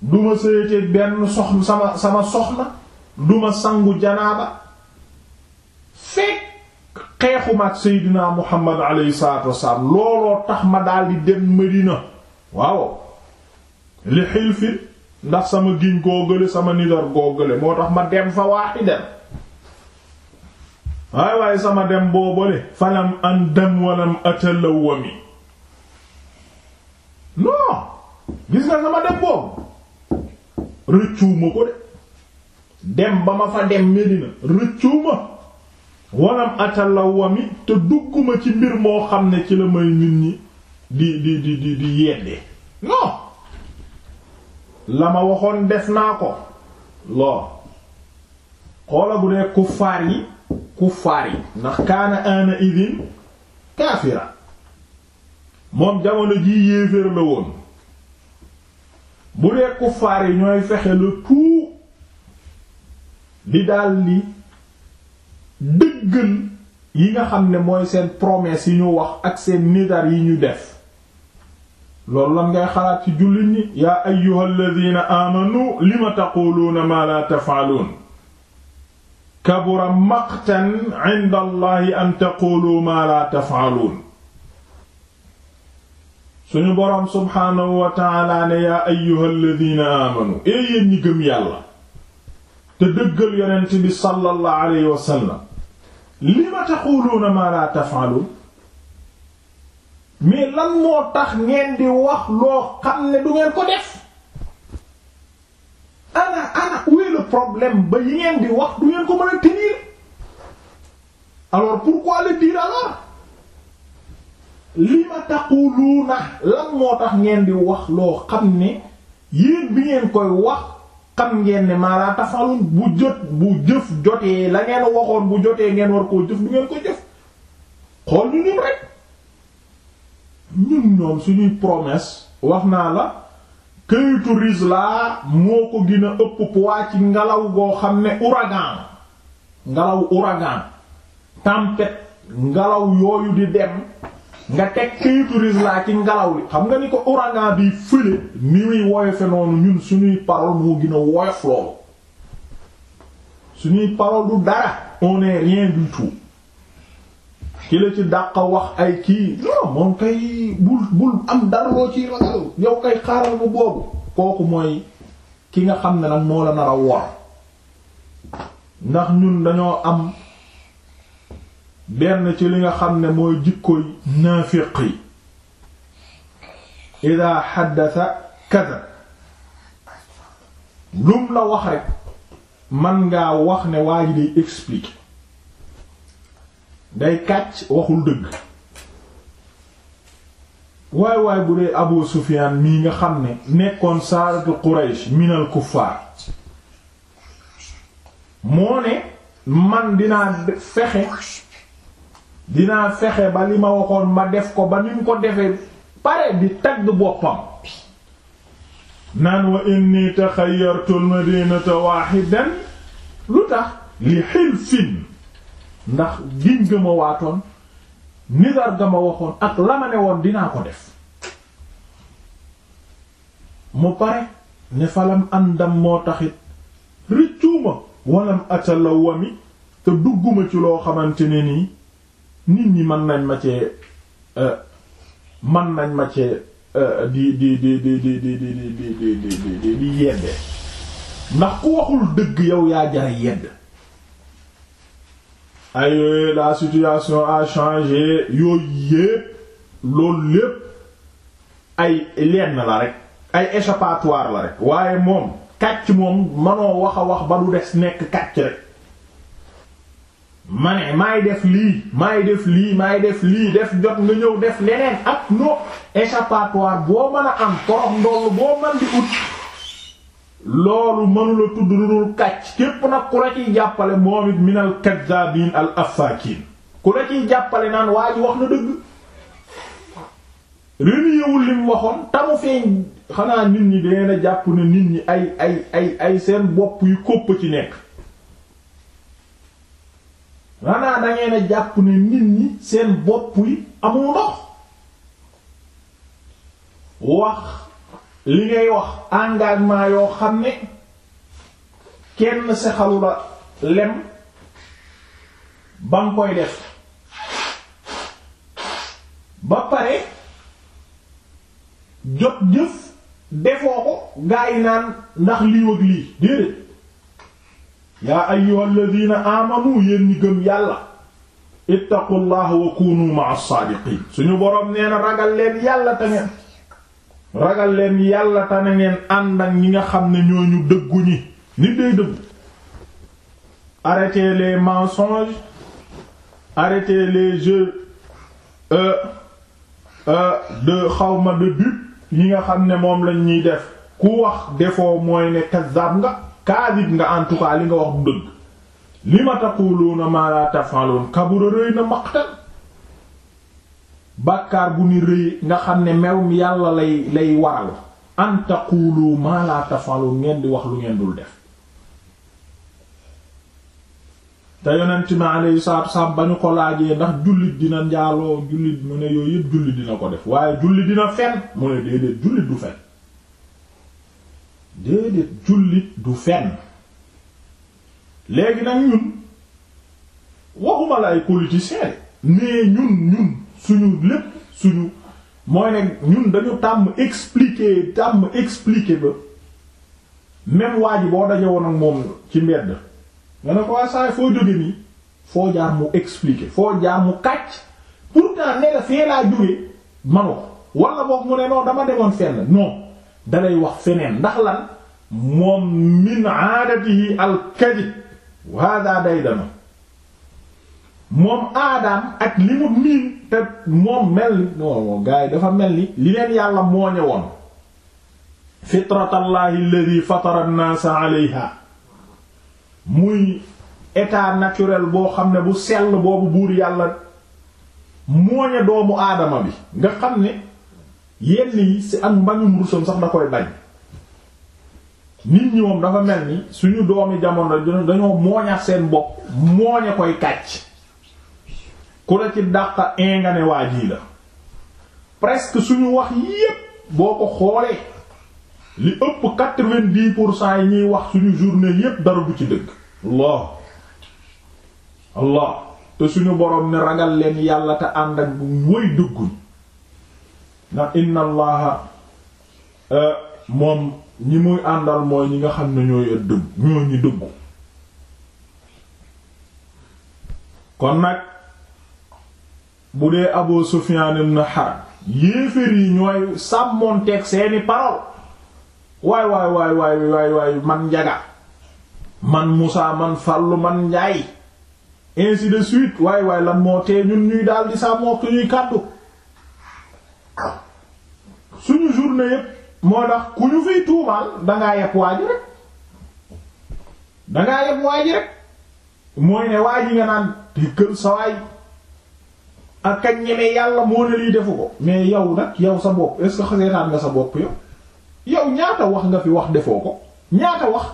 duma sëyete benn soxna sama soxna duma sangu janaaba fekk xeexuma ak Seydina Muhammad alayhi salaatu wasalaam looloo tax ma daal di dem Medina waaw li xilfin ndax sama giñ góogale sama nidar góogale moo tax ma dem fa waaxi dem waaye waaye sama dem boobale falam an dem walam atalawami non gis nga sama dem boobu rëccuuma ko de dem ba ma fa dem Medina rëccuuma walam atalawami te dugguma ci mbir moo xam ne ci la may nit ñi di di di di yedde non la ma waxoon def naa ko lool xoola bu dee kuffaar yi kuffaar yi ndax kaana ana idin kaafira moom jamono jii yéeféer la woon bu dee kuffaar yi ñooy fexe le tout di daldi dëggal yi nga xam ne mooy seen promesse yi ñu wax ak seen nidar yi ñu def loolu lan ngay xalaat ci jullit ñi yaa ayyuhal ladina amanu lima taquluuna maa la tafaaluun kabura maqtan inda allahi an taqulu maa la tafaaluun suñu boroom subhaanahu wa taala ne yaa ayyuhal ladina amanu ee eh, yéen ñi gëm yàlla te dëggal bi sallallahu alayhi wa sallam lima taquluuna la tafaaluun mais lan moo tax ngeen di wax loo xam ne du ngeen ko def ana ana où est problème ba yi ngeen di wax du ngeen ko mën a tenir alors pourquoi le dire alors li ma taquluuna lan moo tax ngeen di wax loo xam ne yéen bi ngeen koy wax xam ngeen ne maa laa bu jot bu jëf jotee la ngeen waxoon bu jotee ngeen war koo jëf du ngeen koy jëf xool ñu ñun rek ñun ñoom suñuy promesse wax naa la këyitu risla moo ko gën a ëpp poids ci ngelaw goo xam ne ouragan ngelaw ouragan tempête ngelaw yooyu di dem nga teg këyitu risla ci ngelaw li xam nga ni ko ouragan bi fële ni muy woyofe noonu ñun suñuy parole moo gën a woyof loolu suñuy parole du dara on n'est ki ci dàq wax ay kii non moom kay bul bul am darloo ci ragal kay xaaral bu boobu kooku mooy ki nga xam ne nag moo la nar a wor ndax ñun dañoo am benn ci li nga xam ne mooy jikkoy naafiq yi ida xaddasa kadab lum la wax rek man ngaa wax ne waa gi day expliquer day kàcc waxul dëgg waay waay bu dee Abu Sufyaan mii nga xam ne nekkoon saaratu Quraysh minal kuffaar moo ne man dinaa fexe dinaa fexe ba li ma waxoon ma def ko ba ni ko defee pare di tagg boppam naan wa inni taxayyartu al madinata waahidan lu tax li hilfin ndax giñ ga ma waatoon nidar ga ma waxoon ak la ma ne woon dinaa ko def mu pare ne falam àndam moo taxit rëccuuma walam atala wami te dugguma ci loo xamante ne nii nit ñi mën nañ ma cee mën nañ ma cee di di di di di di di di di di di yedde ndax ku waxul dëgg yow yaa jara yedd ay la situation a changé yooyu yépp loolu lépp ay lenn la rek ay échappatoire la rek waaye moom kàcc moom manoo wax a wax ba du des nekk kàcc rek ma ne maay def lii maay def lii maay def lii def jot nga ñëw def leneen ak no échappatoire boo mën a am torox ndoll boo mën di ut loolu mënula tudd lu dul kàcc képp nag ku la jàppale moom it minal kaddaabin al affaakin ku la jàppale naan waa ji wax na dëgg réniéwul lim waxoon tamu feeñ xanaa nit ñi dee jàpp ne nit ñi ay ay ay seen bopp yu kópp ci nekk xanaa dangeen jàpp ne nit ñi seen bopp yi amul ndox wax li ngay wax engagement yoo xam ne kenn sexalu la lem ba nga koy def ba pare jot jëf defoo ko gaa yi naan ndax lii ak lii déedéet yaa ayyuhal ladina amanu yéen ñi gëm yàlla ittaqullaha wa kunu ma'as sadiqin suñu boroom nee na ragal leen yàlla tamit ragal leen yàlla te na ngeen ànd ak ñi nga xam ne ñooñu dëggu ñi nit day dëggu arrêtez les mensonges les jeux euh euh de xawma de but yi nga xam ne moom lañ ñuy def ku wax defoo mooy ne kazzab nga kaadib nga en tout cas li nga wax bu dëgg li ma taquluna ma la taf'alun kabura rëy na maqtal bàkkaar bu ni rëy nga xam ne mew mi yàlla lay lay waral an taqulu ma ngeen di wax lu ngeen dul def te yonent mi alayhi salaatu wassalaam ba ñu ko laajee ndax jullit dina njaaloo jullit mu ne yooyu yëpp jullit dina ko def waaye jullit dina fen mu ne déedéet jullit du fen déedéet jullit du fen léegi nag ñun waxuma la ay politiciens mais ñun ñun suñu lépp suñu mooy ne ñun dañu tàmm expliquer tàmm expliquer ba même waa ji boo daje woon ak moom ci mbedd nga ne ko waa saay foo jóge nii foo jaar mu expliquer foo jaar mu kàcc pourtant ne la fee laa jóge manu ko wala boog mu ne non dama demoon fenn non dalay wax feneen ndax lan moom min aadaam ak li mu miin te moom mel ni non gars dafa mel ni li leen yàlla mooñe woon fitratallahi alladhi fatara an-nasa alayha muy état naturel boo xam ne bu sell boobu buur yàlla mooñe doomu aadama bi nga xam ne yenn yi ci ak mbañum rusam sax da koy bañ nit ñi moom dafa mel ni suñu doomi jamono dañoo mooñax seen bopp mooñe koy kàcc ku la ci dàqa ingane waa jii la presque suñu wax yépp boo ko xoolee li ëpp quatre-vingt-dix pour cent yi ñuy wax suñu journée yépp dara du ci dëgg Allah Allah te suñu boroom ne ragal leen yàlla te ànd ak woy dëgguñ ndax inna allaha euh, moom ñi muy àndal mooy ñi nga xam ne ñooy dëgg ñoo ñi dëggu kon nag bu dee Abu Sufyan ibn Harb yéeféer yi ñooy sàmmoonteeg seeni parole waay waay waay waay waay man njaga man Musaa man Fàllu man Njaay ainsi de suite waay waay lan moo tee ñun ñuy daal di sàmmook ñuy kàddu suñu journée yépp moo tax ku ñu fiy tuumaal dangaa yeb waa ji rek dangaa yeb waa ji rek mooy ne waa ji nga naan di kër sa waay ak kañ ñeme yàlla moo ne lii defu ko mais yow nag yow sa bopp est-ce que nga sa bopp yow yow ñaata wax nga fi wax defoo ko ñaata wax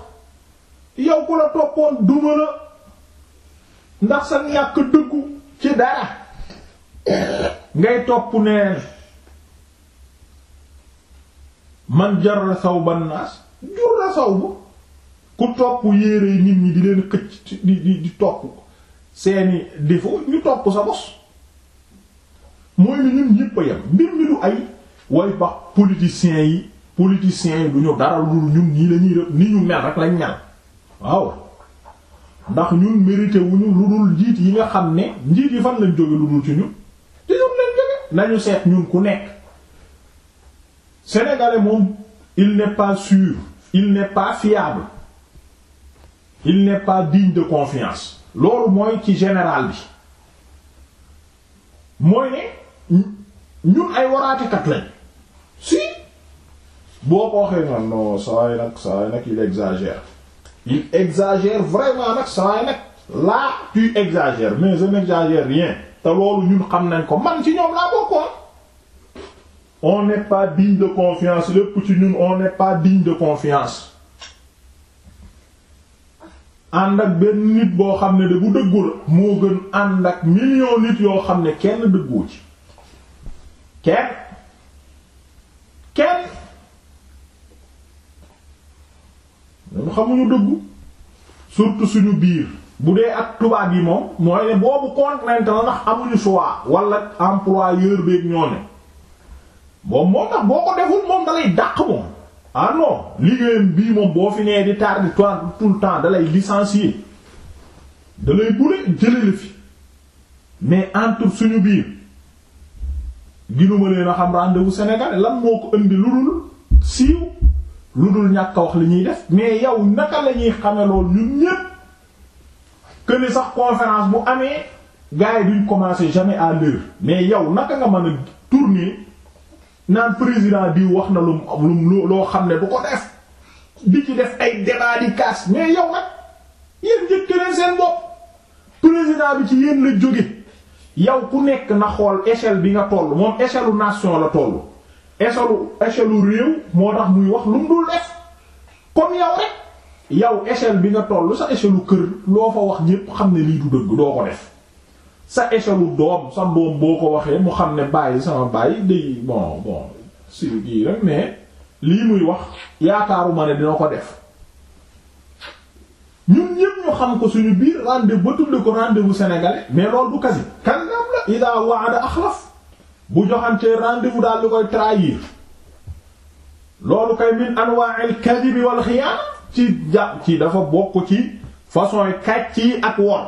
yow ku la toppoon duma la ndax sa ñàkk dëggu ci dara ngay topp neen man jarra sawban naas jarra sawbu ku topp yére yi nit ñi di leen xëcc di di di topp seeni défaut ñu topp sa bos mooy ni ñun ñépp a mbir mi ay way bax politiciens yi politiciens yi du ñu dara lu ñun nii la ñuy ni ñu mel rek lañ mel waaw ndax ñun mérité wuñu lu dul njiit yi nga xam ne njiit yi fan lañ jóge lu dul ci ñun ci ñun lañ jóge nañu seet ñun ku nekk sénégalais moom il n'est pas sûr il n'est pas fiable il n'est pas digne de confiance loolu mooy ci général bi mooy ne ñun ay waraatekat lañ si boo ko waxee naan non saa nag saa nag il exagère il exagère vraiment nag saa nag là tu exagères mais je n'exagère rien te loolu ñun xam nañ ko man ci ñoom laa bokkoon on n'est pas digne de confiance lépp ci ñun on n'est pas digne de confiance ànd ak benn nit boo xam ne de bu dëggul moo gën ànd ak million nit yoo xam ne kenn dëggu ci kenn kenn ñun xamuñu dëggu surtout suñu biir bu dee ak tubaab yi moom mooy ne boobu contrainte la ndax amuñu choix wala employeur beeg ñoo ne moom moo boo ko deful moom dalay dàq moom ah liggéeyam bii moom boo fi nee di tardi tout le temps dalay licencier dalay bule jële la fi mais entre suñu biir ginuma leen a xam rendez-vous sénégalais lan moo ko indi lu dul siiw lu dul ñàkk wax li ñuy def mais yow naka la ñuy xame lool ñun ñépp que ni sax conférence bu amee gars yi duñ commencer jamais à l'heure mais yow naka nga mën a tourner naan président bi wax na lu lu loo xam ne du ko def di ci def ay débat di casse mais yow nag yéen njëkk seen bopp président bi ci yéen la jóge yow ku nekk na xool échelle bi nga toll moom échelle nation la toll échelle u échelle réew moo tax muy wax lu mu dul def comme yow rek yow échelle bi nga toll sa échelle kër loo fa wax ñépp xam ne lii du dëgg doo ko def sa échelle doom sa doom boo ko waxee mu xam ne bàyyi sama bàyyi day bon bon si kii rek mais lii muy wax yaakaaruma ne dina ko def ñun ñëpp ñu xam ko suñu biir rendez-vous ba tudd ko rendez-vous sénégalais mais loolu du kasi kan la ida waada axlaf bu joxantee rendez-vous di koy trahir loolu kay min anwa'il kadhib wal xiyaana ci ja ci dafa bokk ci façon yi kàcc yi ak won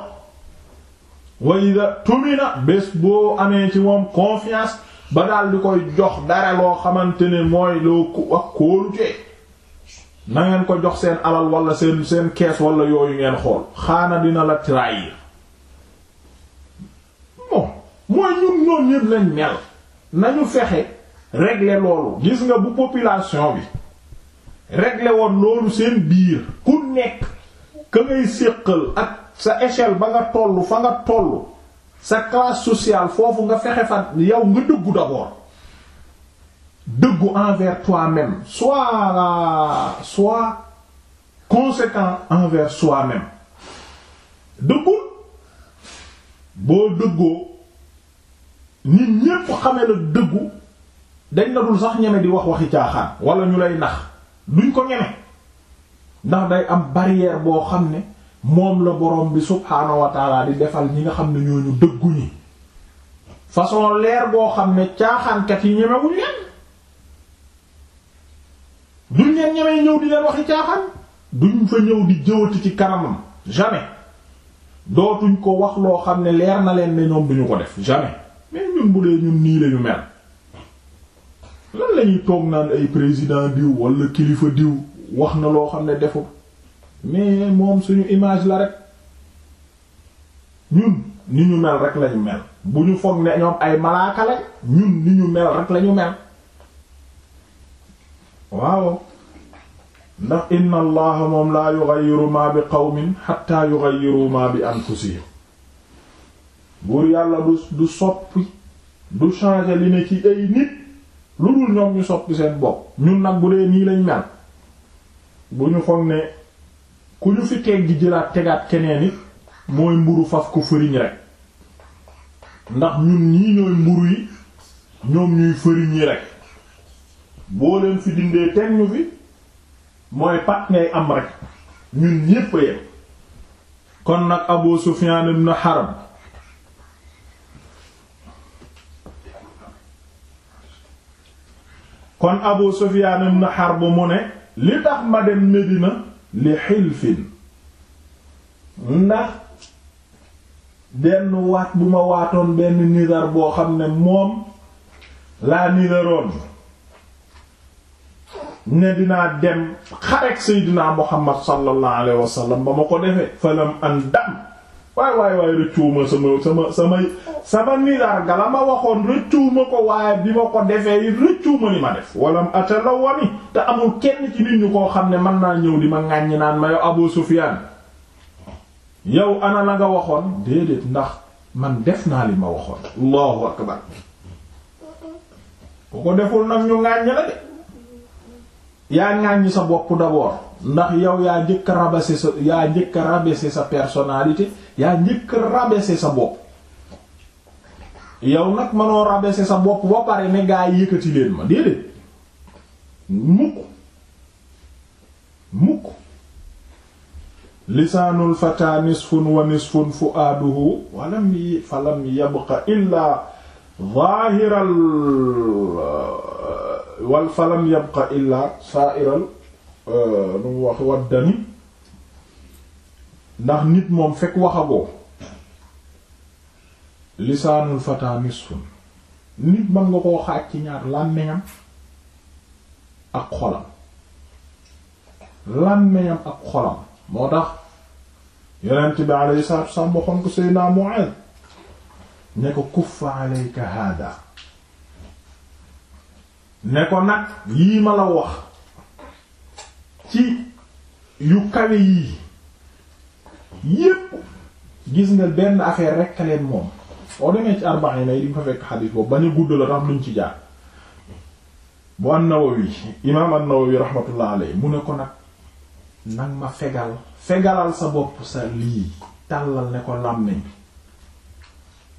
wa ida tumina bés boo amee ci moom confiance ba daal di koy jox dara loo xamante ne mooy loo ku ak kóolutee na ngeen ko jox seen alal wala seen seen kees wala yooyu ngeen xool xaana dina la trahir bon mooy ñun ñoom ñépp lañ mel nañu fexe régler loolu gis nga bu population bi regle woon loolu seen biir ku nekk ka ngay séqal ak sa échelle ba nga tollu fa nga tollu sa classe sociale foofu nga fexe fa yow nga dëggu d'abord dëggu envers toi-même soit soit conséquent envers soi-même dëggul boo dëggoo nit ñépp xamee la dëggu dañ la sax ñeme di wax waxi caaxaan wala ñu lay nax duñ ko ñeme ndax day am barrière boo xam ne moom la borom bi subhaanahu wa di defal ñi nga xam ne ñooñu dëggu ñi façon leer boo xam ne caaxaankat yi ñemewuñ leen duñ leen ñemee ñëw di leen waxi caaxaan duñ fa ñëw di jëwati ci kanamam jamais dootuñ ko wax loo xam ne leer na leen ne ñoom duñu ko def jamais mais ñun bu dee ñun nii lañu mel lan lañuy toog naan ay président diw wala kilifa diw wax na loo xam ne defu mais suñu image la rek ñun ni ñu mel rek lañu mel bu ñu foog ne ñoom ay malaaka lañ ñun ni ñu mel rek lañu mel waaw ndax inna allaha moom laa yughayyiru ma bi qawmin hatta yughayyiru ma bi anfusihim buur yàlla du du soppi du changer li ne ci ay nit lu dul ñoom ñu soppi seen bopp ñun nag bu dee nii lañ mel bu ñu foog ne ku ñu fi teggi jëlaat tegaat keneen it mooy mburu faf ko fëriñ rek ndax ñun ñii ñooy mburu yi ñoom ñuy fëriñ yi rek boo leen fi dindee teg fi mooy pat ngay am rek ñun ñépp yem kon nag Abu Sufyan ibn Harb kon Abu Sufyan ibn Harb mu ne li tax ma dem Medina li xilfin ndax benn waat bu ma waatoon benn nidar boo xam ne moom laa nidaroon ne dinaa dem xarek seydinaa muhammad sallallahu alayhi wa sallam ba ma ko defee falam an dam waay waay waay rëccuwuma sama sama sama sama nidaar gala ma waxoon rëccuwuma ko waaye bi ma ko defee rëccuwuma li ma def walam ata la wani te amul kenn ci nit ñu koo xam ne mën naa ñëw di ma ŋàññi naan ma yow abu sufiyaan yow ana la nga waxoon déedéet ndax man def naa li ma waxoon allahu akbar bu ko deful nag ñu ŋàññ la de yaa ŋàññi sa bopp d'abord ndax yow yaa njëkk a sa yaa njëkk a rabaisser sa personnalité yaa njëkk a sa bopp yow nag mënoo rabaisser sa bopp ba pare ne gaa yi yëkkati leen ma déedéet mukk mukk lisaanul fata nisfun wa nisfun fu'aaduhu walam falam yabqa illaa zaahiral wal falam yabqa illaa saairal euh, nu mu wax waddani ndax nit moom fekk waxagoo lisaanul fataa nisfun nit mën nga koo xaaj ci ñaar làmmeñam ak xolam làmmeñam ak xolam moo tax yonent bi alayhi salaatu wassalaam waxoon ko Seydina Mu'aaz ne kuffa alayka haadaa ne ko nag yii ma la wax ci yu kawe yii yépp gis nga benn affaire rekk leen moom boo demee ci arba'in yi di luñ ci jaar bu an-Nawawi imaam an-Nawawi rahmatullah alayhi mu ne ko nag nag ma fegal fegalal sa bopp sa lii tàllal ne ko làmmiñ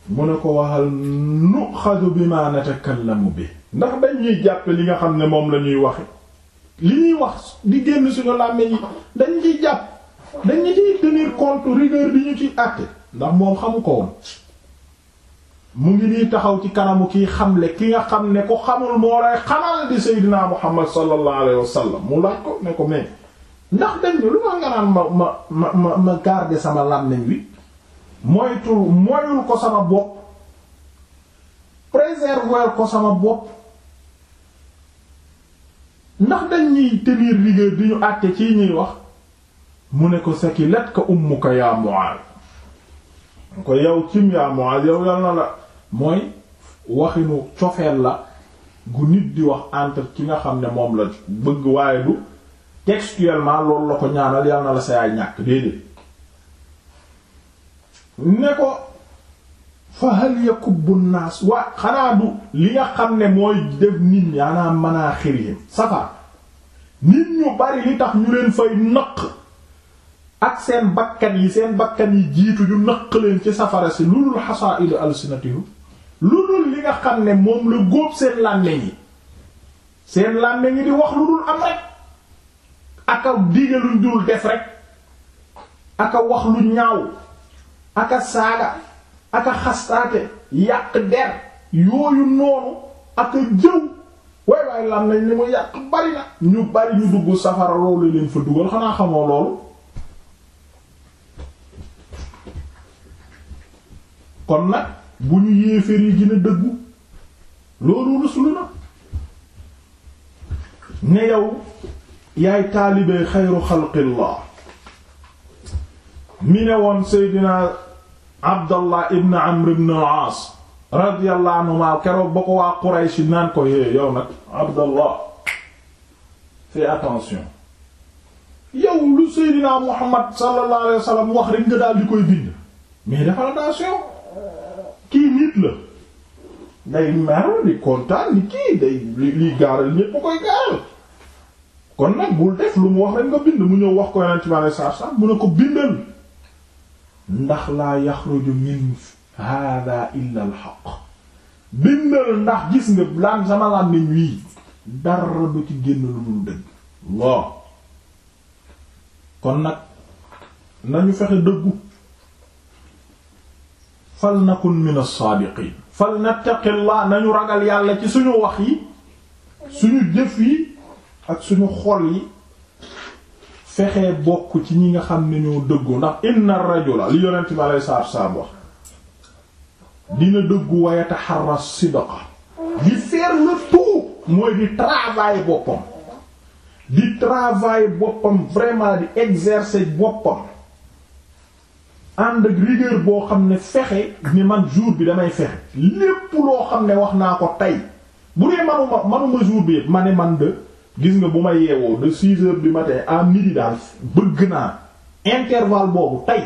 bi mu ne ko waxal nuxadu bi ma natakallamu bi ndax dañ ñuy li nga xam ne moom la ñuy wax di génn suñu làmmiñ dañ ciy jàpp dañ ñu ciy tenir ñu ciy àtte ndax moom xamu ko woon mu taxaw ci kanamu kiy xamle ki nga xam ne ko xamul moo lay xamal di Seydina Muhammad sallallahu alayhi wa sallam mu ko ne ko mais ndax dañ lu ma nga naan ma ma ma ma ma sama làmmiñ wi moytul moyul ko sama bopp préserver ko sama bopp ndax dañ ñi tenir rigueur di ñu àtte ci ñuy wax mu ne ko sakilat ka ko yaa Mu'aaz ko yow cim yaa Mu'aaz yow yal na la mooy waxinu cofeel la gu nit di wax entre ki nga xam ne moom la bëgg waaye du textuellement loolu la ko ñaanal yal na la sa yaay ñàkk déedéet ne ko fa hal yakubbu naas waa xanaa du li nga xam ne mooy def nit ñi anaa manaaxirihim safar nit ñu bari li tax ñu leen fay nëq ak seen bakkan yi seen bakkan yi jiitu ñu nëq leen ci safara si lu dul hasaa'idu alsinatihim lu dul li nga xam ne moom la góob seen làmmiñ yi seen làmmiñ yi di wax lu dul am rek aka digaluñ dul def rek aka wax lu ñaaw aka saaga ak a xastaate yàq der yooyu noonu ak jëw waay waay lan nañ li mu yàq bari na ñu bari ñu dugg safara loolu leen fa dugal xanaa xamoo loolu kon nag bu ñu yéeféer yi gën dëggu loolu ruslu na ne yow yaay taalibee xayru xalqillah mi ne woon seydinaa Abdallah ibn Amr ibn al-Aas radiyallahu anhuma keroog ba ko waa Quraysh naan ko yee yow nag Abdallah fais attention yow lu Seydina Muhammad sallallahu alayhi wa sallam wax rek nga daal di koy bind mais defal attention kii nit la day mer di kontaan ni kii day liy gaaral ñépp a koy gaaral kon nag bul def lu mu wax rek nga bind mu ñëw wax ko yonent bi sallallahu alayhi wa sallam mu ne ko bindal ndax laa yaxruju min hada illa al bindal ndax gis nga laan sama laan niñ wii dara du ci génn lu dul dëgg loo kon nag nañu fexe dëggu fal nakun min as-saadiqin fal nattaqillah nañu ragal yàlla ci suñu wax yi suñu jëf yi ak suñu xol yi fexe bokk ci ñi nga xam ne ñoo dëggu ndax inna rajula li yonent bi alei salatu salaam wax dina dëggu waaye taxarra sidqa di faire le tout mooy di travail boppam di travail boppam vraiment di exercer boppam ànd ak rigueur boo xam ne fexe ni man jour bi damay fexe lépp loo xam ne wax naa ko tey bu dee manuma manuma jour bi ma ne man de gis nga bu ma yeewoo de six heures du matin à midi daal bëgg naa intervalle boobu tey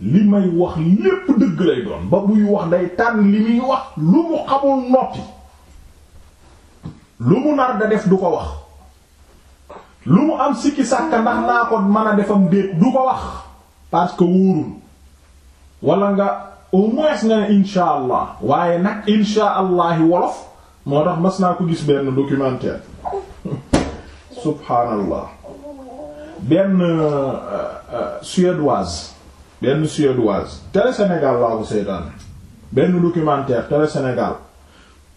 li may wax lépp dëgg lay doon ba buy wax day tànn li muy wax lu mu xamul noppi lu mu nar da def du ko wax lu mu am sikki sàkka ndax naa ko mën a defam déet du ko wax parce que wóorul walla nga au moins nga ne insha waaye nag insha wolof moo tax mas naa ko gis benn documentaire subhaanallah benn euh, euh, suédoise benn suédoise télé Sénégal laa ko seetaan benn documentaire télé senegal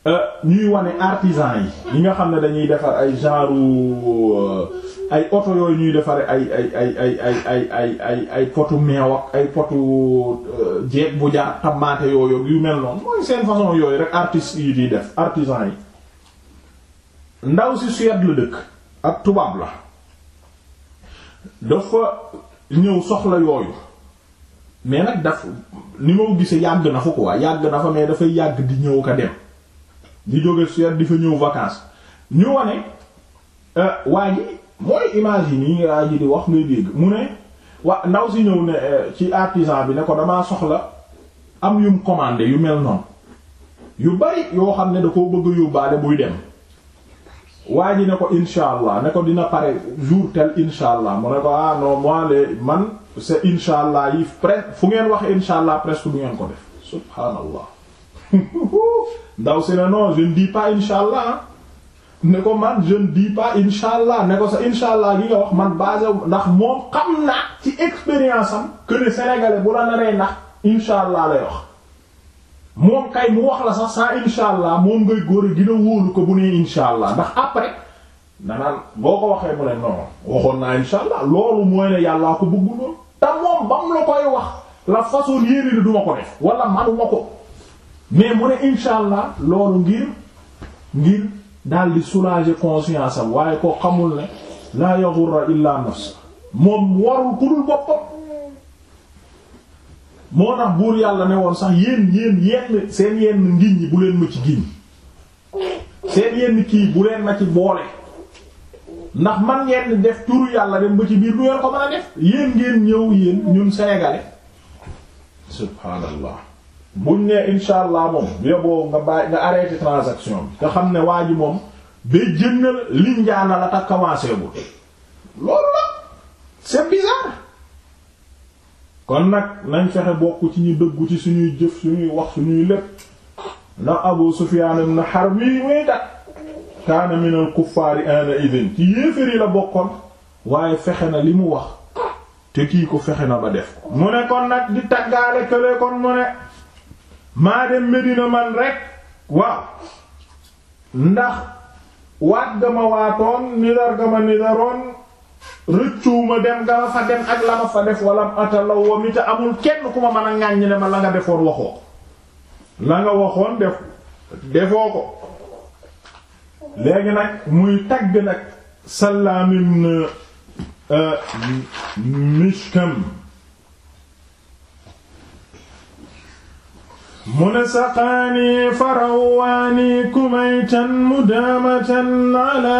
euh, ñuy wane artisan yi yi nga xam ne dañuy defar ay genre ay oto yooyu ñuy defare ay ay ay ay ay ay ay ay ay potu meew ay potu jeeg bu jaar tamaate yooyu yu mel noonu mooy seen façon yooyu rek artistes yi di def artisan yi ndaw si Suède la dëkk ak tubaab la dafa ñëw soxla yooyu mais nag daf ni ma gisee yàgg na fa ko quoi yàgg na fa mais dafay yàgg di ñëw ko dem di jóge Suède di fa ñëw vacances ñu wane euh, waa ji mooy image yi nii waa ji di wax ngay dégg mu ne waa ndaw si ñëw ne euh, ci artisan bi ne ko damaa soxla am yum commandé yu mel noonu yu bari yoo xam ne da koo bëgg a yóbbaale buy dem. waa ji ne ko insha allah ne ko dina pare jour tel insha allah mu ne ko ah non man c'est insha allah yi presque fu ngeen wax insha allah presque du ngeen ko def subhaanallah (laughs) ndaw si ne non je ne dis allah ne ko man jeune ne dis pas allah ne ko sa insha allah gi nga wax man basé ndax moom xam naa ci expérience am que ne sénégalais bu la naree nax insha allah lay wax moom kay mu wax la sax sans insha allah moom ngay góor a gën wóolu ko bu nee insha allah ndax après danaan boo ko waxee mu ne non waxoon naa insha loolu mooy ne yàllaa ko bëggul noonu te moom ba mu la koy wax la façon yéene ni duma ko def wala manuma ko mais mu ne insha allah loolu ngir ngir daal di soulager conscience am waaye koo xamul ne laa yaghurra illa nafs moom warul ku dul boppam moo tax buur yàlla ne woon sax yéen yéen yenn seen yenn ngiñ ñi bu leen ma ci giñ seen yenn kii bu leen ma ci boole ndax man ngeen def turu yàlla dem ba ci biir du ngeen ko mën a def yéen ngeen ñëw yéen ñun sénégalais subhaanallah buñ ne insha allah moom yoboo nga bàyyi nga arrêté transaction bi nga xam ne waa ji moom ba jënd liñ jaana la tax commencé bu loolu la c'est bizarre kon nag nañ fexe bokk ci ñu dëggu ci suñuy jëf suñuy wax suñuy lépp ndax Abu Sufyaan ibn Harb yi muy dak kaana min al kuffaari ana idin ci yéefér yi la bokkoon waaye fexe na li mu wax te kii ko fexe na ba def ko mu ne kon nag di taggaale kële kon mu ne maa dem Medina man rek waaw ndax waat ga ma waatoon nidar ga ma nidaroon rëccuuma dem nga ma fa dem ak la ma fa def wala atalaw wa mi te amul kenn ku ma mën a ŋàññ ne ma la nga defoon waxoo la nga waxoon def defoo ko léegi nag muy tagg nag Sallaam ibn euh, mu ne saqaani farawaani kumaytan mudaamatan ala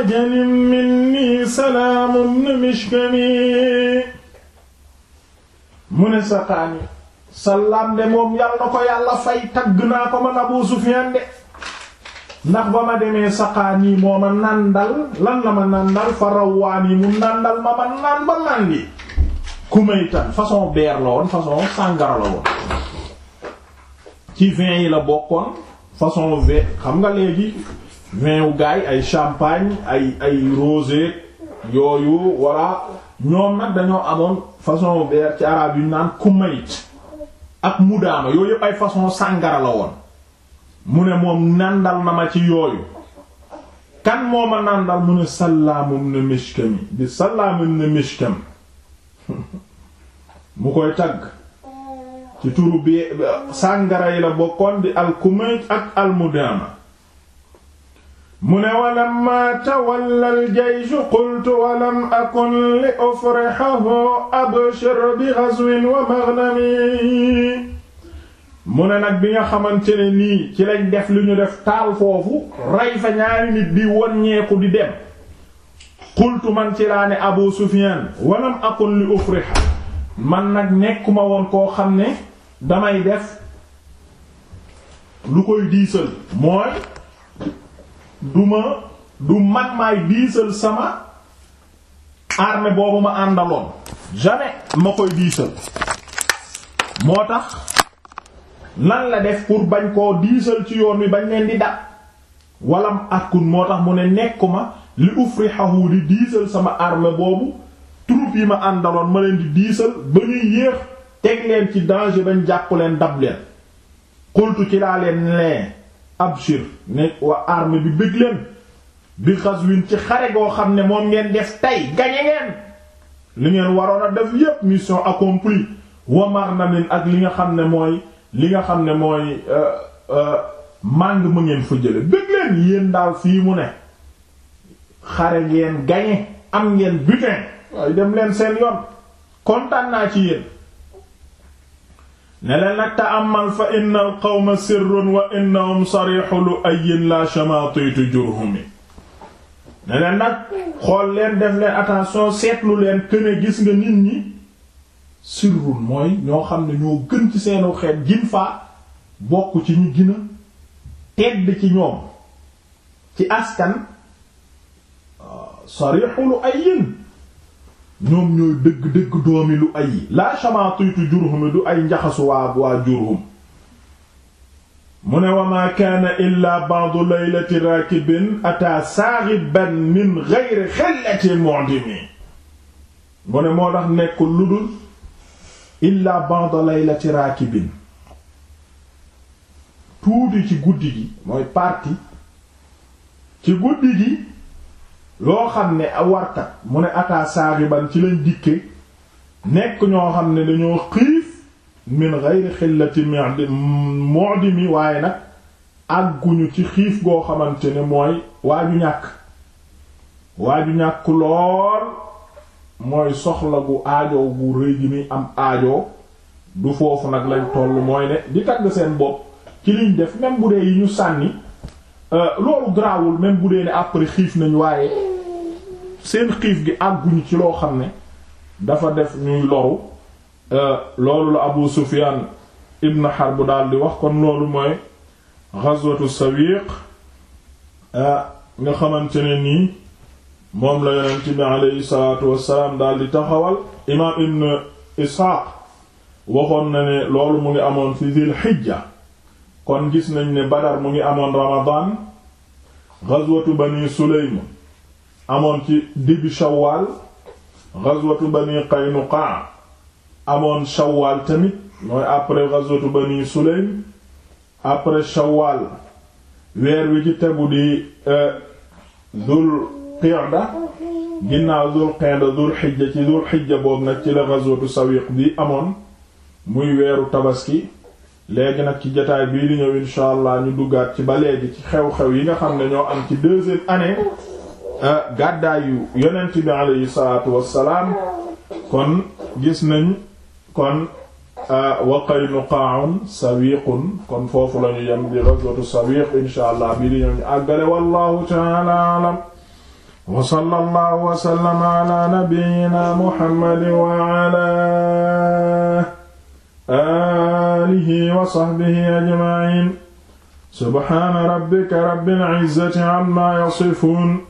ajanin minni salaamun mishkami mu ne saqaani salaam de moom yàlla na ko yàlla fay tagg naa ko man Abu Sufyaan de ndax ba ma demee saqaani moo ma nàndal lan la ma nàndal farawaani mu nàndal ma ma naan ba naan yi kumaytan façon beer la woon façon sàngara la woon ci vin yi la bokkoon façon vin xam nga léegi vin wu gaay ay champagne ay ay rosé yooyu voilà ñoom nag dañoo amoon façon verre ci araab yu naan kumayit ak mudaama yooyu yëpp ay façon sàngara la woon mu ne moom nàndal na ma ci yooyu kan moo ma nàndal mu ne sallaamum na mishkam yi di sallaamum na mishkam (laughs) mu koy tagg ci turu bi sàngara la bokkoon di alkumayt ak almudaama mu ne walamma tawalla aljeysu qultu walam akun li ufrihahu abshir bi ghazwin wa maghnami mu ne nag bi nga xamante ne nii ci lañ def li ñu def taal foofu rey fa ñaari nit bi wàññeeku di dem qultu man ci laa abu sufyan walam akun ufriha man nag nekkuma woon koo xam ne damay def lu koy diisal mooy du ma du maay diisal sama armée boobu ma àndaloon jamais ma koy diisal moo tax nan la def pour bañ koo diisal ci yoon wi bañ leen di dab walam atkun moo tax mu ne nekkuma li ufrihahu di diisal sama armée boobu troupe yi ma àndaloon ma leen di diisal ba ñuy yéex teg leen ci danger bañ jàpp leen dab leen xultu ci laa leen nee abshir ne waa arme bi bëgg leen bi xaswin ci xare goo xam ne moom ngeen def tey gañe ngeen li ngeen waroon a def yépp mission accomplie wa marnamin ak li nga xam ne mooy li nga xam ne mooy euh, euh, màng ma ngeen fa jële bëgg leen yéen daal fii mu ne xare ngeen gañe am ngeen butin waaye dem leen seen yoon kontaan naa ci yéen ne leen nag ta'ammal fa inna al qawma sirrun wa innahum sariixu lu'ayyin la shamaatiitu jurhumi ne nag xool leen def leen attention seetlu leen këne gis nga nit ñi sirrun mooy ñoo xam ne ñoo gën ci seenu xeet gin bokk ci ñu gina tedd ci ñoom ci askan sariixu lu'ayyin ñoom ñooy dëgg-dëgg doomi lu ay yi laa shamaatiitu jurhum du ay njaxasu waa waa jurhum mu ne wa maa kaana illaa ba'du laylati raakibin ataa saaxiban min ghayri xellati mu'dimi mu ne moo tax nekkul lu dul illaa ba'du laylati raakibin tuuti ci guddi gi mooy parti ci guddi gi loo xam ne warkat mu ne ataa saaxiban ci lañ dikke nekk ñoo xam ne dañoo xiif min ghayri xillati mu'dimi waaye nag àgguñu ci xiif goo xamante ne mooy waaju ñàkk waaju ñàkk lool mooy soxla gu aajoo gu rëy gi am aajoo du foofu nag lañ toll mooy ne di tagg seen bopp ci liñ def même bu dee yi ñu sànni euh, loolu garaawul même bu dee ne après xiif nañ waaye seen xiif gi àgguñu ci loo xam ne dafa def ñuy loru euh, loolu la Abu Sufyan ibn Harb daal di wax kon loolu mooy ghazwatu Sawiq euh, nga xamante ne nii moom la yonent bi aleyhi salaatu wassalaam daal di taxawal imaam ibn Isxaaq waxoon na ne loolu mu ngi amoon fi Dil Hijja kon gis nañ ne Badar mu ngi amoon Ramadan ghazwatu Bani Sulaym amoon ci début shawwal ghazwatu bani qaynuqa amoon shawwal tamit mooy après ghazwatu bani sulaym après shawwal weer wi ci tegu di euh, dhul qa'da ginnaaw dhul qa'da dhul hijja ci dhul hijja boobu nag ci la ghazwatu sawiq bi amoon muy weeru tabaski léegi nag ci jotaay bii di ñëw insha allah ñu duggaat ci ba léegi ci xew-xew yi nga xam ne ñoo am ci deuxième année Eh, gàddaayu yonent bi alayhi salaatu wassalaam kon gis nañ kon eh, wa Qaynuqaa'un sawiiqun kon foofu lañu yem di ghazwatu sawiiq insha allah bi di ñëw ñu àggale wallahu ta'ala a'lam wa sallallahu wa sallama ala nabiyyina muhammad wa ala alihi wa sahbihi ajma'in subhana rabbika rabbil izzati amma yasifun